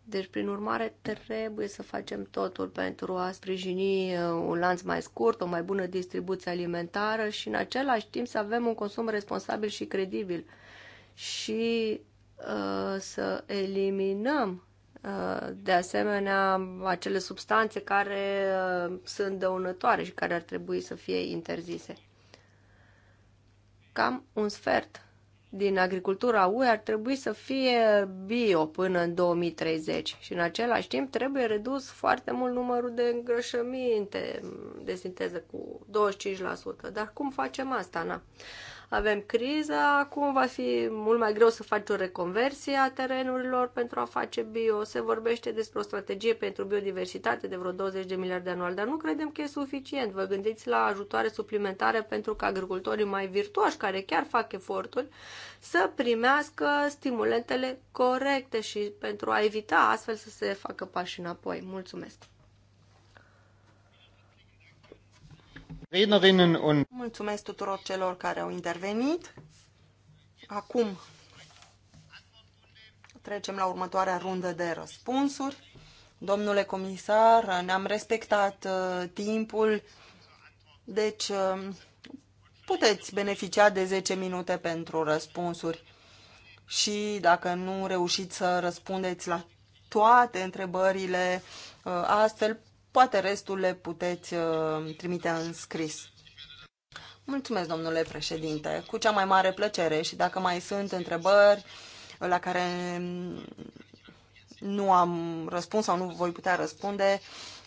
Deci, prin urmare, trebuie să facem totul pentru a sprijini uh, un lanț mai scurt, o mai bună distribuție alimentară și, în același timp, să avem un consum responsabil și credibil și uh, să eliminăm de asemenea acele substanțe care uh, sunt dăunătoare și care ar trebui să fie interzise. Cam un sfert din agricultura UE ar trebui să fie bio până în 2030 și în același timp trebuie redus foarte mult numărul de îngrășăminte de sinteză cu 25%. Dar cum facem asta, na? avem criza, acum va fi mult mai greu să faci o reconversie a terenurilor pentru a face bio. Se vorbește despre o strategie pentru biodiversitate de vreo 20 de miliarde anual, dar nu credem că e suficient. Vă gândiți la ajutoare suplimentare pentru că agricultorii mai virtuoși, care chiar fac eforturi, să primească stimulentele corecte și pentru a evita astfel să se facă pași înapoi. Mulțumesc! Mulțumesc tuturor celor care au intervenit. Acum trecem la următoarea rundă de răspunsuri. Domnule comisar, ne-am respectat uh, timpul, deci uh, puteți beneficia de 10 minute pentru răspunsuri. Și dacă nu reușiți să răspundeți la toate întrebările uh, astfel, Poate restul le puteți uh, trimite în scris. Mulțumesc, domnule președinte. Cu cea mai mare plăcere și dacă mai sunt întrebări la care mm, nu am răspuns sau nu voi putea răspunde,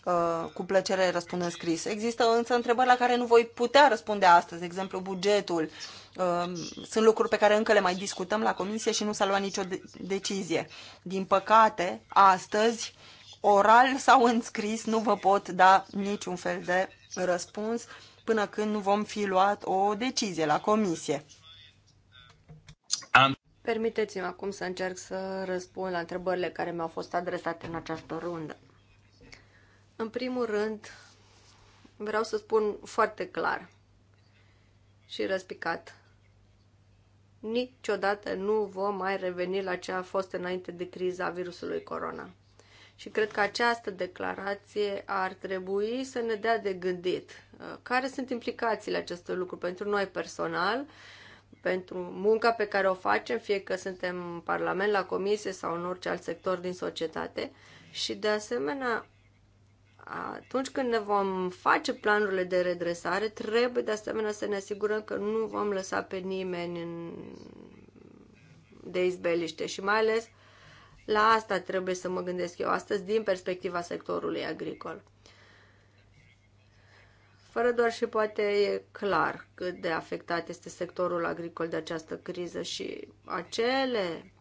uh, cu plăcere răspund în scris. Există însă întrebări la care nu voi putea răspunde astăzi, de exemplu bugetul. Uh, sunt lucruri pe care încă le mai discutăm la comisie și nu s-a luat nicio decizie. Din păcate, astăzi oral sau în scris nu vă pot da niciun fel de răspuns până când nu vom fi luat o decizie la comisie. Permiteți-mi acum să încerc să răspund la întrebările care mi-au fost adresate în această rundă. În primul rând, vreau să spun foarte clar și răspicat. Niciodată nu vom mai reveni la ce a fost înainte de criza virusului corona. Și cred că această declarație ar trebui să ne dea de gândit uh, care sunt implicațiile acestui lucru pentru noi personal, pentru munca pe care o facem, fie că suntem în Parlament, la Comisie sau în orice alt sector din societate. Și de asemenea, atunci când ne vom face planurile de redresare, trebuie de asemenea să ne asigurăm că nu vom lăsa pe nimeni în... de izbeliște și mai ales la asta trebuie să mă gândesc eu astăzi din perspectiva sectorului agricol. Fără doar și poate e clar cât de afectat este sectorul agricol de această criză și acele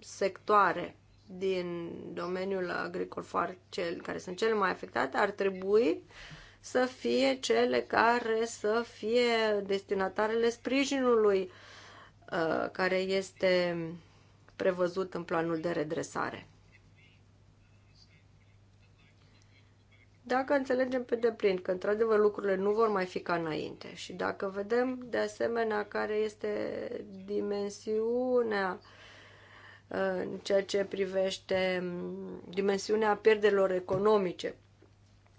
sectoare din domeniul agricol cel care sunt cele mai afectate ar trebui să fie cele care să fie destinatarele sprijinului uh, care este prevăzut în planul de redresare. Dacă înțelegem pe deplin că într-adevăr lucrurile nu vor mai fi ca înainte și dacă vedem de asemenea care este dimensiunea uh, în ceea ce privește mm, dimensiunea pierderilor economice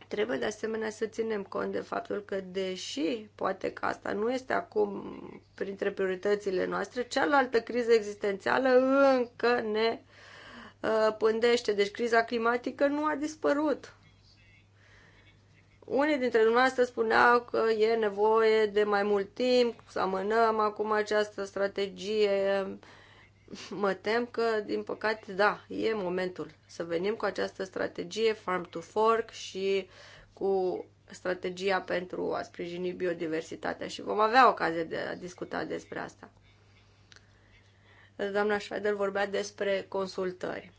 Trebuie de asemenea să ținem cont de faptul că, deși poate că asta nu este acum printre prioritățile noastre, cealaltă criză existențială încă ne uh, pândește. Deci criza climatică nu a dispărut. Unii dintre dumneavoastră spuneau că e nevoie de mai mult timp, să amânăm acum această strategie mă tem că, din păcate, da, e momentul să venim cu această strategie Farm to Fork și cu strategia pentru a sprijini biodiversitatea și vom avea ocazie de a discuta despre asta. Doamna Schweider vorbea despre consultări.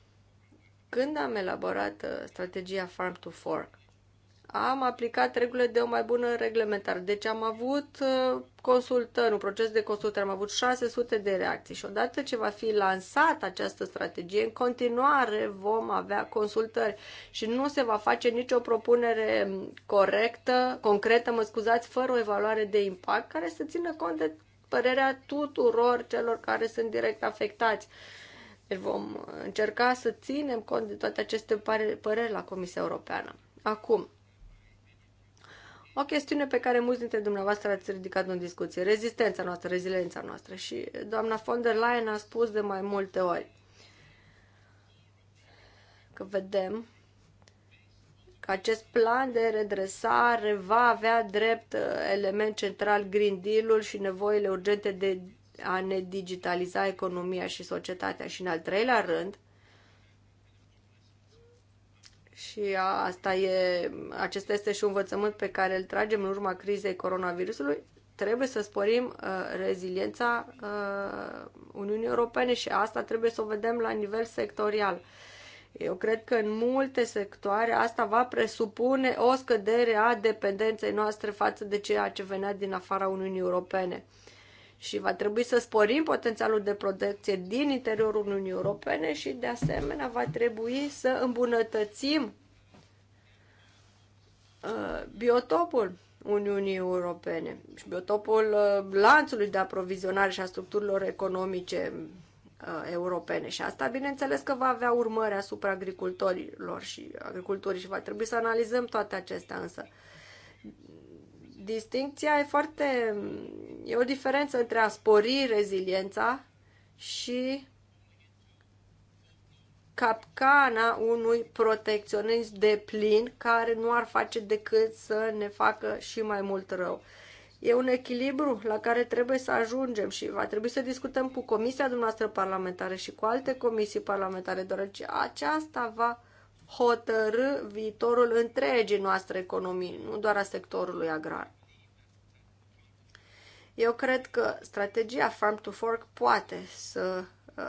Când am elaborat uh, strategia Farm to Fork, am aplicat regulile de o mai bună reglementare. Deci am avut uh, consultări, un proces de consultare, am avut 600 de reacții și odată ce va fi lansată această strategie, în continuare vom avea consultări și nu se va face nicio propunere corectă, concretă, mă scuzați, fără o evaluare de impact care să țină cont de părerea tuturor celor care sunt direct afectați. Deci vom încerca să ținem cont de toate aceste păreri la Comisia Europeană. Acum, o chestiune pe care mulți dintre dumneavoastră ați ridicat-o în discuție, rezistența noastră, reziliența noastră. Și doamna von der Leyen a spus de mai multe ori că vedem că acest plan de redresare va avea drept uh, element central Green Deal-ul și nevoile urgente de a ne digitaliza economia și societatea. Și în al treilea rând, și asta e, acesta este și un învățământ pe care îl tragem în urma crizei coronavirusului, trebuie să sporim uh, reziliența uh, Uniunii Europene și asta trebuie să o vedem la nivel sectorial. Eu cred că în multe sectoare asta va presupune o scădere a dependenței noastre față de ceea ce venea din afara Uniunii Europene. Uh, și va trebui să sporim potențialul de protecție din interiorul Uniunii Europene și, de asemenea, va trebui să îmbunătățim uh, biotopul Uniunii Europene și biotopul uh, lanțului de aprovizionare și a structurilor economice uh, europene. Și asta, bineînțeles, că va avea urmări asupra agricultorilor și agriculturii și va trebui să analizăm toate acestea însă Distincția e foarte... e o diferență între a spori reziliența și capcana unui protecționism de plin care nu ar face decât să ne facă și mai mult rău. E un echilibru la care trebuie să ajungem și va trebui să discutăm cu comisia dumneavoastră parlamentară și cu alte comisii parlamentare, deoarece aceasta va hotărâ viitorul întregii noastre economii, nu doar a sectorului agrar. Eu cred că strategia Farm to Fork poate să uh,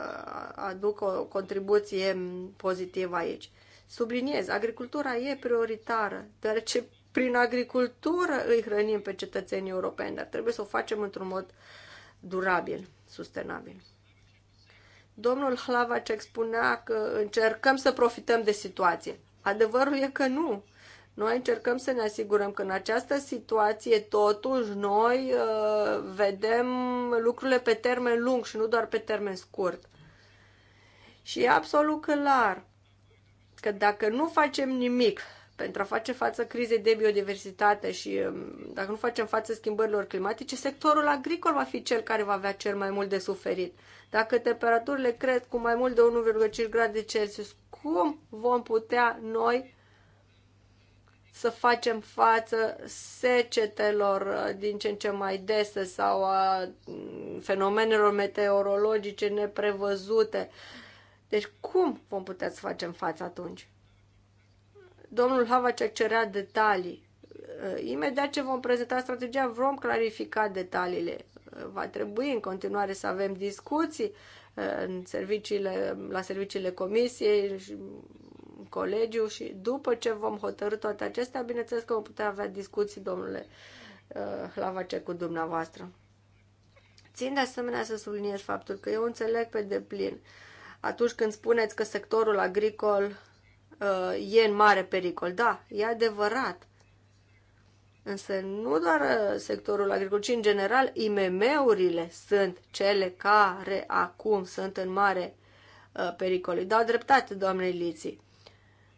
aducă o contribuție pozitivă aici. Subliniez, agricultura e prioritară, deoarece prin agricultură îi hrănim pe cetățenii europeni, dar trebuie să o facem într-un mod durabil, sustenabil. Domnul Hlavacek spunea că încercăm să profităm de situație. Adevărul e că nu. Noi încercăm să ne asigurăm că în această situație, totuși, noi uh, vedem lucrurile pe termen lung și nu doar pe termen scurt. Și e absolut clar că dacă nu facem nimic pentru a face față crizei de biodiversitate și um, dacă nu facem față schimbărilor climatice, sectorul agricol va fi cel care va avea cel mai mult de suferit. Dacă temperaturile cresc cu mai mult de 1,5 grade Celsius, cum vom putea noi să facem față secetelor uh, din ce în ce mai dese sau a mm, fenomenelor meteorologice neprevăzute? Deci cum vom putea să facem față atunci? Domnul Havacek cerea detalii. Uh, imediat ce vom prezenta strategia, vom clarifica detaliile. Uh, va trebui în continuare să avem discuții uh, în serviciile, la serviciile comisiei și colegiu și după ce vom hotărâ toate acestea, bineînțeles că vom putea avea discuții, domnule Hlavace, cu dumneavoastră. Țin de asemenea să subliniez faptul că eu înțeleg pe deplin atunci când spuneți că sectorul agricol uh, e în mare pericol. Da, e adevărat. Însă nu doar uh, sectorul agricol, ci în general IMM-urile sunt cele care acum sunt în mare uh, pericol. Îi dau dreptate, doamne Liții.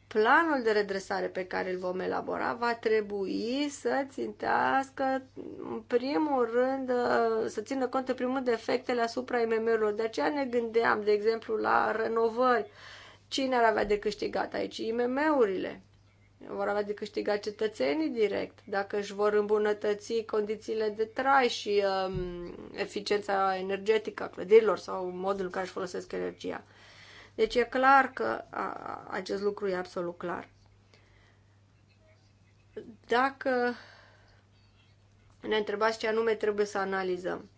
Planul de redresare pe care îl vom elabora va trebui să țintească, în primul rând, uh, să țină cont, în primul rând, de efectele asupra IMM-urilor. De aceea ne gândeam, de exemplu, la renovări Cine ar avea de câștigat aici? IMM-urile. Vor avea de câștigat cetățenii direct, dacă își vor îmbunătăți condițiile de trai și um, eficiența energetică a clădirilor sau modul în care își folosesc energia. Deci e clar că a, acest lucru e absolut clar. Dacă ne întrebați ce anume trebuie să analizăm,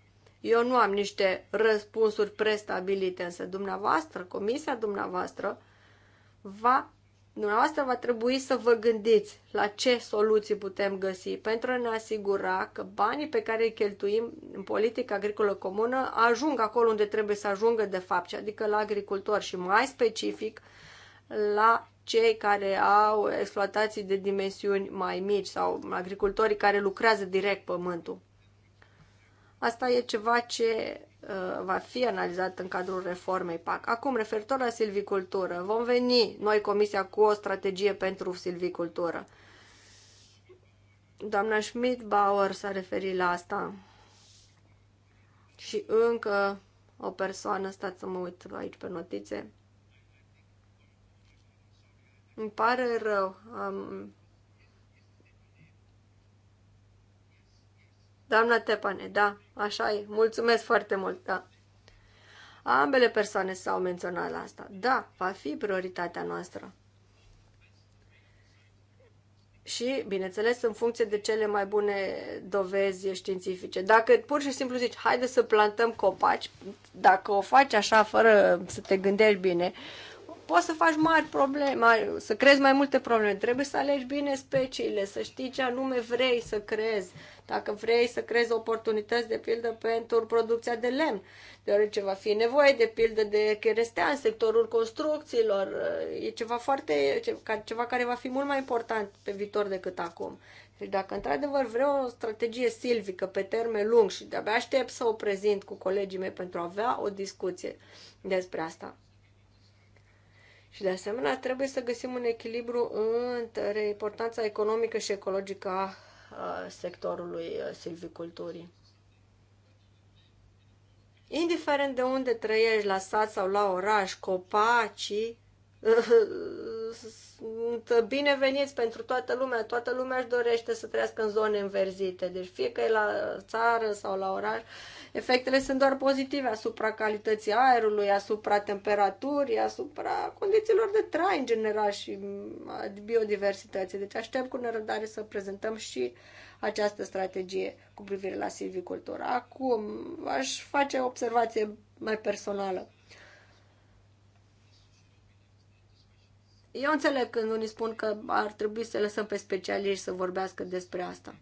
eu nu am niște răspunsuri prestabilite, însă dumneavoastră, comisia dumneavoastră, va, dumneavoastră va trebui să vă gândiți la ce soluții putem găsi pentru a ne asigura că banii pe care îi cheltuim în politica agricolă comună ajung acolo unde trebuie să ajungă de fapt, adică la agricultori și mai specific la cei care au exploatații de dimensiuni mai mici sau agricultorii care lucrează direct pământul. Asta e ceva ce Uh, va fi analizat în cadrul reformei PAC. Acum, referitor la silvicultură, vom veni noi comisia cu o strategie pentru silvicultură. Doamna Schmidt-Bauer s-a referit la asta. Și încă o persoană, stați să mă uit aici pe notițe. Îmi pare rău, am Doamna Tepane, da, așa e. Mulțumesc foarte mult, da. Ambele persoane s-au menționat la asta. Da, va fi prioritatea noastră. Și, bineînțeles, în funcție de cele mai bune dovezi științifice. Dacă pur și simplu zici, haide să plantăm copaci, dacă o faci așa, fără să te gândești bine, poți să faci mari probleme, mari, să crezi mai multe probleme. Trebuie să alegi bine speciile, să știi ce anume vrei să crezi. Dacă vrei să crezi oportunități, de pildă, pentru producția de lemn, deoarece va fi nevoie, de pildă, de cherestea în sectorul construcțiilor. E ceva foarte, ceva care va fi mult mai important pe viitor decât acum. Deci dacă într-adevăr vreau o strategie silvică pe termen lung și de-abia aștept să o prezint cu colegii mei pentru a avea o discuție despre asta. Și de asemenea trebuie să găsim un echilibru între importanța economică și ecologică a sectorului silviculturii. Indiferent de unde trăiești, la sat sau la oraș, copacii sunt bineveniți pentru toată lumea. Toată lumea își dorește să trăiască în zone înverzite. Deci fie că e la țară sau la oraș, efectele sunt doar pozitive asupra calității aerului, asupra temperaturii, asupra condițiilor de trai în general și biodiversității. Deci aștept cu nerăbdare să prezentăm și această strategie cu privire la silvicultură. Acum aș face o observație mai personală. Eu înțeleg când unii spun că ar trebui să lăsăm pe specialiști să vorbească despre asta,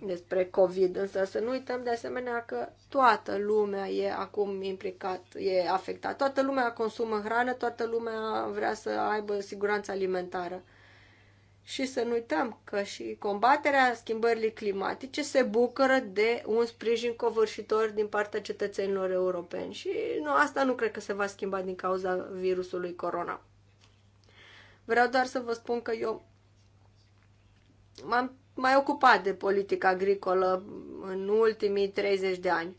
despre COVID, însă să nu uităm de asemenea că toată lumea e acum implicat, e afectat. Toată lumea consumă hrană, toată lumea vrea să aibă siguranță alimentară. Și să nu uităm că și combaterea schimbărilor climatice se bucură de un sprijin covârșitor din partea cetățenilor europeni. Și nu, asta nu cred că se va schimba din cauza virusului corona. Vreau doar să vă spun că eu m-am mai ocupat de politică agricolă în ultimii 30 de ani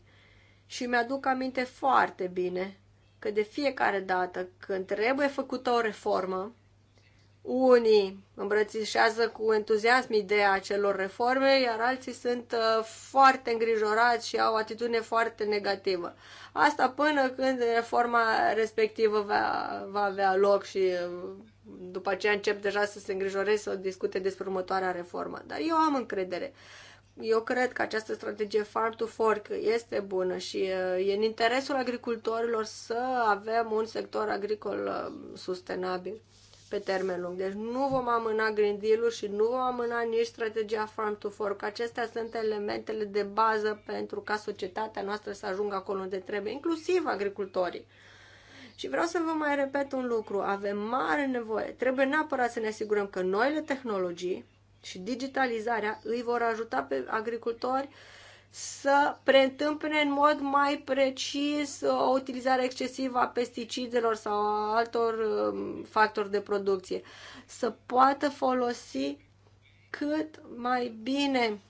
și mi-aduc aminte foarte bine că de fiecare dată când trebuie făcută o reformă, unii îmbrățișează cu entuziasm ideea acelor reforme, iar alții sunt uh, foarte îngrijorați și au o atitudine foarte negativă. Asta până când reforma respectivă va, va avea loc și uh, după aceea încep deja să se îngrijoreze, să discute despre următoarea reformă. Dar eu am încredere. Eu cred că această strategie Farm to Fork este bună și uh, e în interesul agricultorilor să avem un sector agricol sustenabil pe termen lung. Deci nu vom amâna Green Deal-ul și nu vom amâna nici strategia Farm to Fork. Acestea sunt elementele de bază pentru ca societatea noastră să ajungă acolo unde trebuie, inclusiv agricultorii. Și vreau să vă mai repet un lucru. Avem mare nevoie. Trebuie neapărat să ne asigurăm că noile tehnologii și digitalizarea îi vor ajuta pe agricultori uh, să preîntâmpine în mod mai precis o utilizare excesivă a pesticidelor sau a altor um, factori de producție, să poată folosi cât mai bine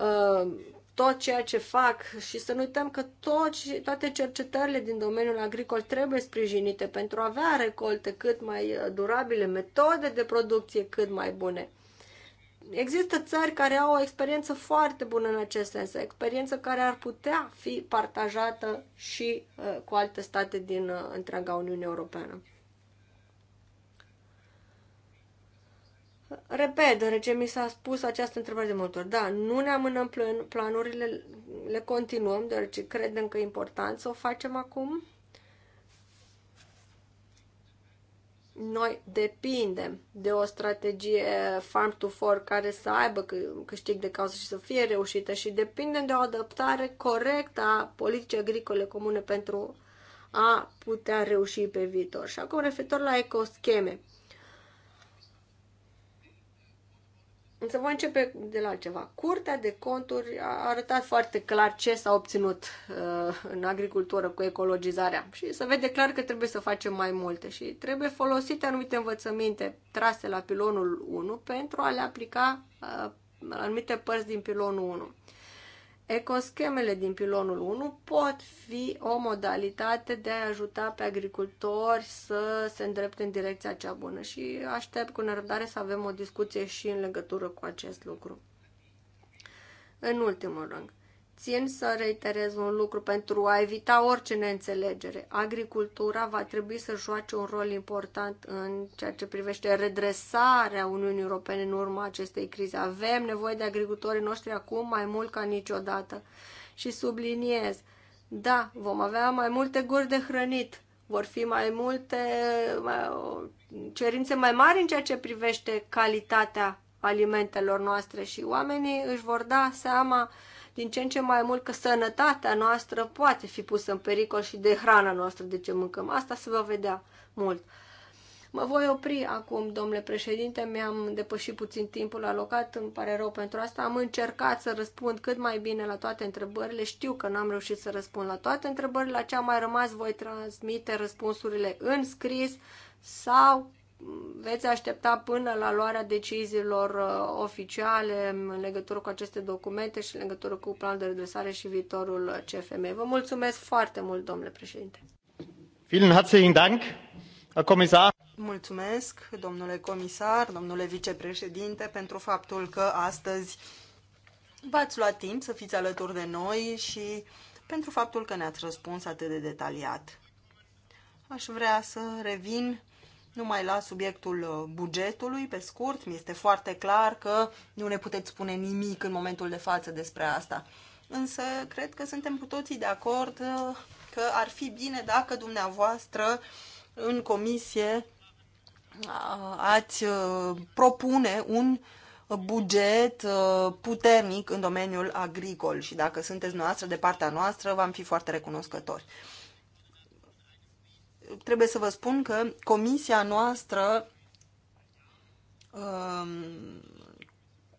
um, tot ceea ce fac și să nu uităm că toți, toate cercetările din domeniul agricol trebuie sprijinite pentru a avea recolte cât mai uh, durabile, metode de producție cât mai bune. Există țări care au o experiență foarte bună în acest sens, experiență care ar putea fi partajată și uh, cu alte state din uh, întreaga Uniune Europeană. Repet, deoarece mi s-a spus această întrebare de multe ori. Da, nu ne amânăm planurile, le continuăm, deoarece credem că e important să o facem acum. noi depindem de o strategie farm to fork care să aibă câștig de cauză și să fie reușită și depindem de o adaptare corectă a politicii agricole comune pentru a putea reuși pe viitor. Și acum referitor la ecoscheme. Însă voi începe de la altceva. Curtea de conturi a arătat foarte clar ce s-a obținut uh, în agricultură cu ecologizarea și se vede clar că trebuie să facem mai multe și trebuie folosite anumite învățăminte trase la pilonul 1 pentru a le aplica uh, anumite părți din pilonul 1. Ecoschemele din pilonul 1 pot fi o modalitate de a ajuta pe agricultori să se îndrepte în direcția cea bună și aștept cu nerăbdare să avem o discuție și în legătură cu acest lucru. În ultimul rând, Țin să reiterez un lucru pentru a evita orice neînțelegere. Agricultura va trebui să joace un rol important în ceea ce privește redresarea Uniunii Europene în urma acestei crize. Avem nevoie de agricultorii noștri acum mai mult ca niciodată. Și subliniez, da, vom avea mai multe guri de hrănit, vor fi mai multe cerințe mai mari în ceea ce privește calitatea alimentelor noastre și oamenii își vor da seama uh, din ce în ce mai mult că sănătatea noastră poate fi pusă în pericol și de hrana noastră de ce mâncăm. Asta se va vedea mult. Mă voi opri acum, domnule președinte, mi-am depășit puțin timpul alocat, îmi pare rău pentru asta. Am încercat să răspund cât mai bine la toate întrebările, știu că n-am reușit să răspund la toate întrebările, la ce a mai rămas voi transmite răspunsurile în scris sau veți aștepta până la luarea deciziilor uh, oficiale în legătură cu aceste documente și în legătură cu planul de redresare și viitorul CFM. Vă mulțumesc foarte mult, domnule președinte. Vielen herzlichen Dank, Herr Kommissar. Mulțumesc, domnule comisar, domnule vicepreședinte, pentru faptul că astăzi v-ați luat timp să fiți alături de noi și pentru faptul că ne-ați răspuns atât de detaliat. Aș vrea să revin numai la subiectul uh, bugetului, pe scurt, mi este foarte clar că nu ne puteți spune nimic în momentul de față despre asta. Însă cred că suntem cu toții de acord uh, că ar fi bine dacă dumneavoastră în comisie uh, ați propune un buget puternic în domeniul agricol și dacă sunteți noastră de partea noastră, v-am fi foarte recunoscători trebuie să vă spun că comisia noastră um,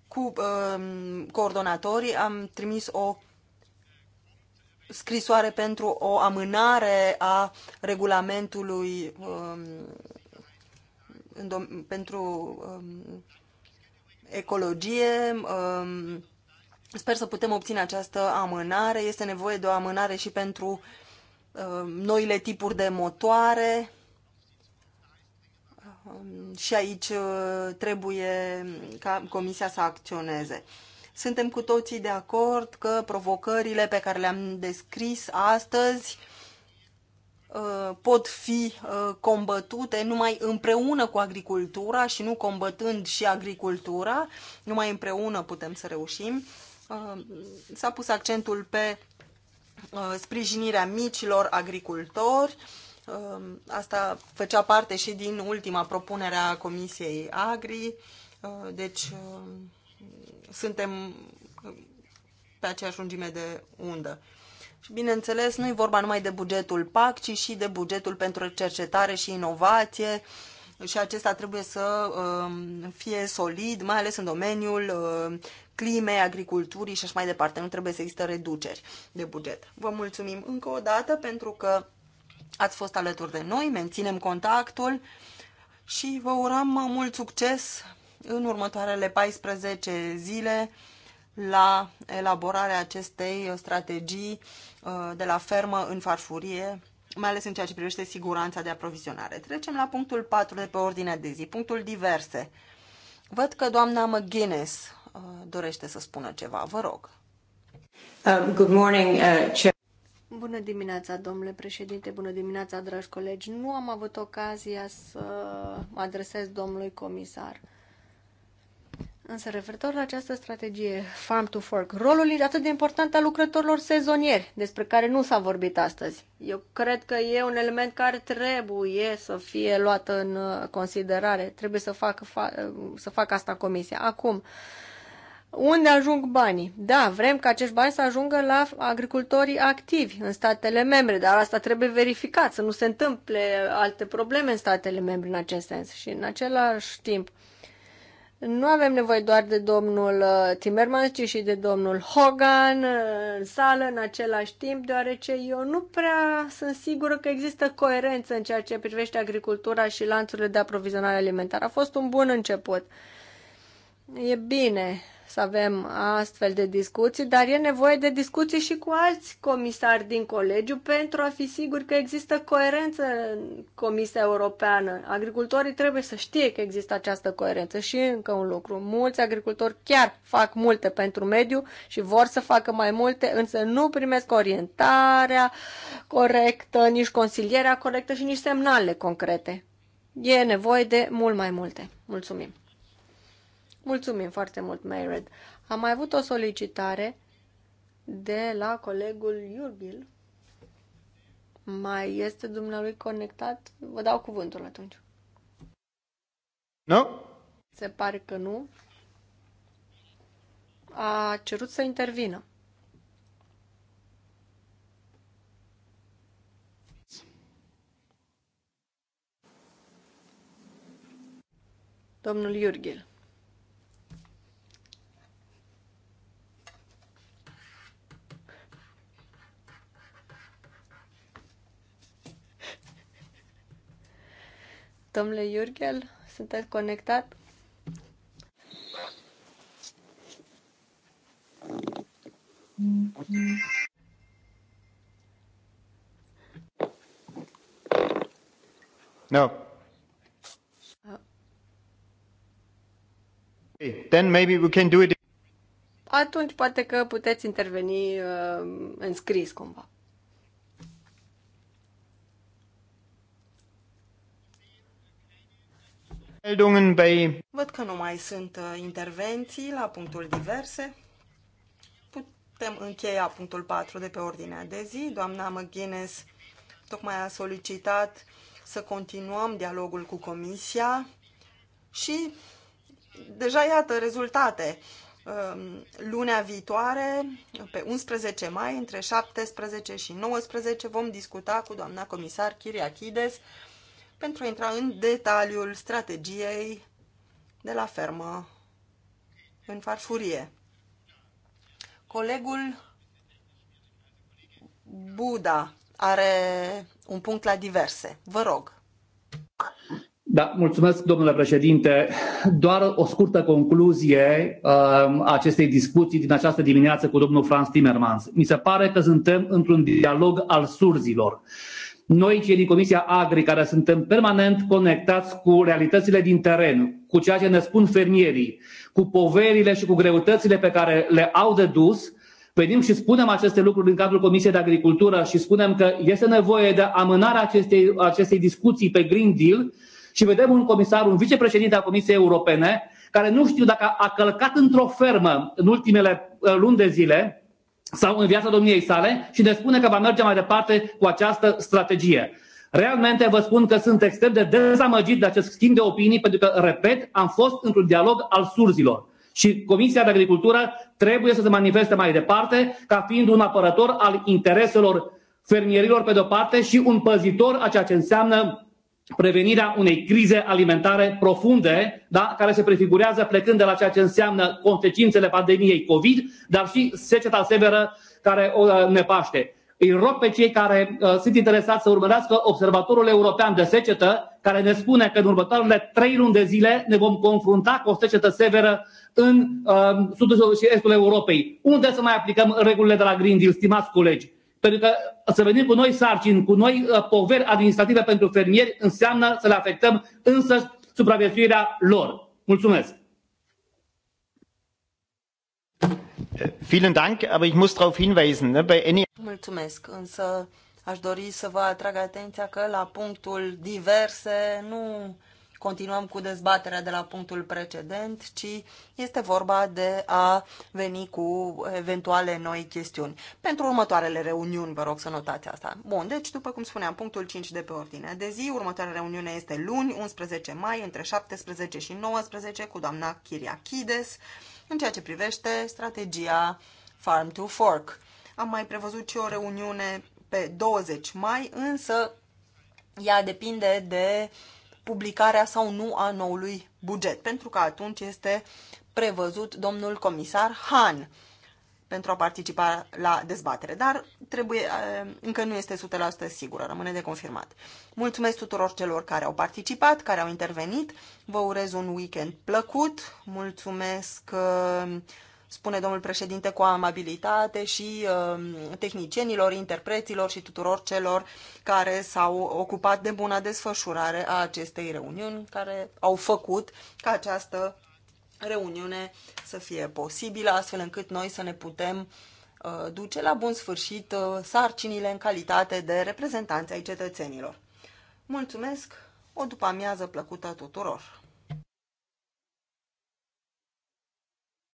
cu um, coordonatorii am trimis o scrisoare pentru o amânare a regulamentului um, pentru um, ecologie. Um, sper să putem obține această amânare. Este nevoie de o amânare și pentru Um, noile tipuri de motoare. Um, și aici uh, trebuie ca Comisia să acționeze. Suntem cu toții de acord că provocările pe care le-am descris astăzi uh, pot fi uh, combătute numai împreună cu agricultura și nu combătând și agricultura, numai împreună putem să reușim. S-a pus accentul pe Uh, sprijinirea micilor agricultori. Um, asta făcea parte și din ultima propunere a Comisiei Agri. Uh, deci um, suntem pe aceeași lungime de undă. Și bineînțeles, nu e vorba numai de bugetul PAC, ci și de bugetul pentru cercetare și inovație și acesta trebuie să um, fie solid, mai ales în domeniul uh, climei, agriculturii și așa mai departe. Nu trebuie să există reduceri de buget. Vă mulțumim încă o dată pentru că ați fost alături de noi, menținem contactul și vă urăm mult succes în următoarele 14 zile la elaborarea acestei strategii uh, de la fermă în farfurie, mai ales în ceea ce privește siguranța de aprovizionare. Trecem la punctul 4 de pe ordinea de zi, punctul diverse. Văd că doamna McGuinness Uh, dorește să spună ceva. Vă rog. Um, good morning, uh, Bună dimineața, domnule președinte, bună dimineața, dragi colegi. Nu am avut ocazia să mă adresez domnului comisar. Însă, referitor la această strategie Farm to Fork, rolul e atât de important al lucrătorilor sezonieri, despre care nu s-a vorbit astăzi. Eu cred că e un element care trebuie să fie luat în uh, considerare. Trebuie să facă, fa- uh, să facă asta comisia. Acum, uh, unde ajung banii? Da, vrem ca acești bani să ajungă la agricultorii activi în statele membre, dar asta trebuie verificat, să nu se întâmple alte probleme în statele membre în acest sens. Și în același timp, nu avem nevoie doar de domnul uh, Timmermans, ci și de domnul Hogan uh, în sală în același timp, deoarece eu nu prea sunt sigură că există coerență în ceea ce privește agricultura și lanțurile de aprovizionare alimentară. A fost un bun început. E bine să avem astfel de discuții, dar e nevoie de discuții și cu alți comisari din colegiu pentru a fi sigur că există coerență în Comisia Europeană. Agricultorii trebuie să știe că există această coerență și încă un lucru. Mulți agricultori chiar fac multe pentru mediu și vor să facă mai multe, însă nu primesc orientarea corectă, nici consilierea corectă și nici semnale concrete. E nevoie de mult mai multe. Mulțumim! Mulțumim foarte mult, Mayred. Am mai avut o solicitare de la colegul Iurbil. Mai este dumnealui conectat? Vă dau cuvântul atunci. Nu? No? Se pare că nu. A cerut să intervină. Domnul Iurghil. Domnule Iurgel, sunteți conectat? No. Okay. Ah. Then maybe we can do it. Atunci poate că puteți interveni uh, în scris cumva. Văd că nu mai sunt uh, intervenții la punctul diverse. Putem încheia punctul 4 de pe ordinea de zi. Doamna McGuinness tocmai a solicitat să continuăm dialogul cu Comisia și deja iată rezultate. Um, lunea viitoare, pe 11 mai, între 17 și 19, vom discuta cu doamna comisar Chiriachides pentru a intra în detaliul strategiei de la fermă în farfurie. Colegul Buda are un punct la diverse. Vă rog. Da, mulțumesc, domnule președinte. Doar o scurtă concluzie um, a uh, acestei discuții din această dimineață cu domnul Franz Timmermans. Mi se pare că suntem într-un dialog al surzilor. Uh, noi, cei din Comisia Agri, care suntem permanent conectați cu realitățile din teren, cu ceea ce ne spun fermierii, cu poverile și cu greutățile pe care le au de dus, venim și spunem aceste lucruri în cadrul Comisiei de Agricultură și spunem că este nevoie de amânarea acestei, acestei discuții pe Green Deal și vedem un comisar, un vicepreședinte al Comisiei Europene, care nu știu dacă a călcat într-o fermă în ultimele uh, luni de zile, sau în viața domniei sale și ne spune că va merge mai departe cu această strategie. Realmente vă spun că sunt extrem de dezamăgit de acest schimb de opinii, pentru că, repet, am fost într-un dialog al surzilor. Și Comisia de Agricultură trebuie să se manifeste mai departe ca fiind un apărător al intereselor fermierilor pe de-o parte și un păzitor a ceea ce înseamnă prevenirea unei crize alimentare profunde, da? care se prefigurează plecând de la ceea ce înseamnă consecințele pandemiei COVID, dar și seceta severă care o uh, ne paște. Îi rog pe cei care uh, sunt interesați să urmărească Observatorul European de Secetă, care ne spune că în următoarele trei luni de zile ne vom confrunta cu o secetă severă în uh, sudul și estul Europei. Unde să mai aplicăm regulile de la Green Deal, stimați colegi? Pentru că să venim cu noi sarcini, cu noi uh, poveri administrative pentru fermieri, înseamnă să le afectăm însă supraviețuirea lor. Mulțumesc! Vielen Dank, aber ich muss darauf hinweisen, ne, bei Mulțumesc, însă aș dori să vă atrag atenția că la punctul diverse nu continuăm cu dezbaterea de la punctul precedent, ci este vorba de a veni cu eventuale noi chestiuni. Pentru următoarele reuniuni, vă rog să notați asta. Bun, deci, după cum spuneam, punctul 5 de pe ordine de zi, următoarea reuniune este luni, 11 mai, între 17 și 19, cu doamna Chiriachides, în ceea ce privește strategia Farm to Fork. Am mai prevăzut și o reuniune pe 20 mai, însă ea depinde de uh, publicarea sau nu a noului buget, pentru că atunci este prevăzut domnul comisar Han pentru a participa la dezbatere, dar trebuie, eh, încă nu este 100% sigură, rămâne de confirmat. Mulțumesc tuturor celor care au participat, care au intervenit, vă urez un weekend plăcut, mulțumesc eh, spune domnul președinte cu amabilitate și um, tehnicienilor, interpreților și tuturor celor care s-au ocupat de buna desfășurare a acestei reuniuni, care au făcut ca această reuniune să fie posibilă, astfel încât noi să ne putem uh, duce la bun sfârșit uh, sarcinile în calitate de reprezentanți ai cetățenilor. Mulțumesc! O după amiază plăcută tuturor!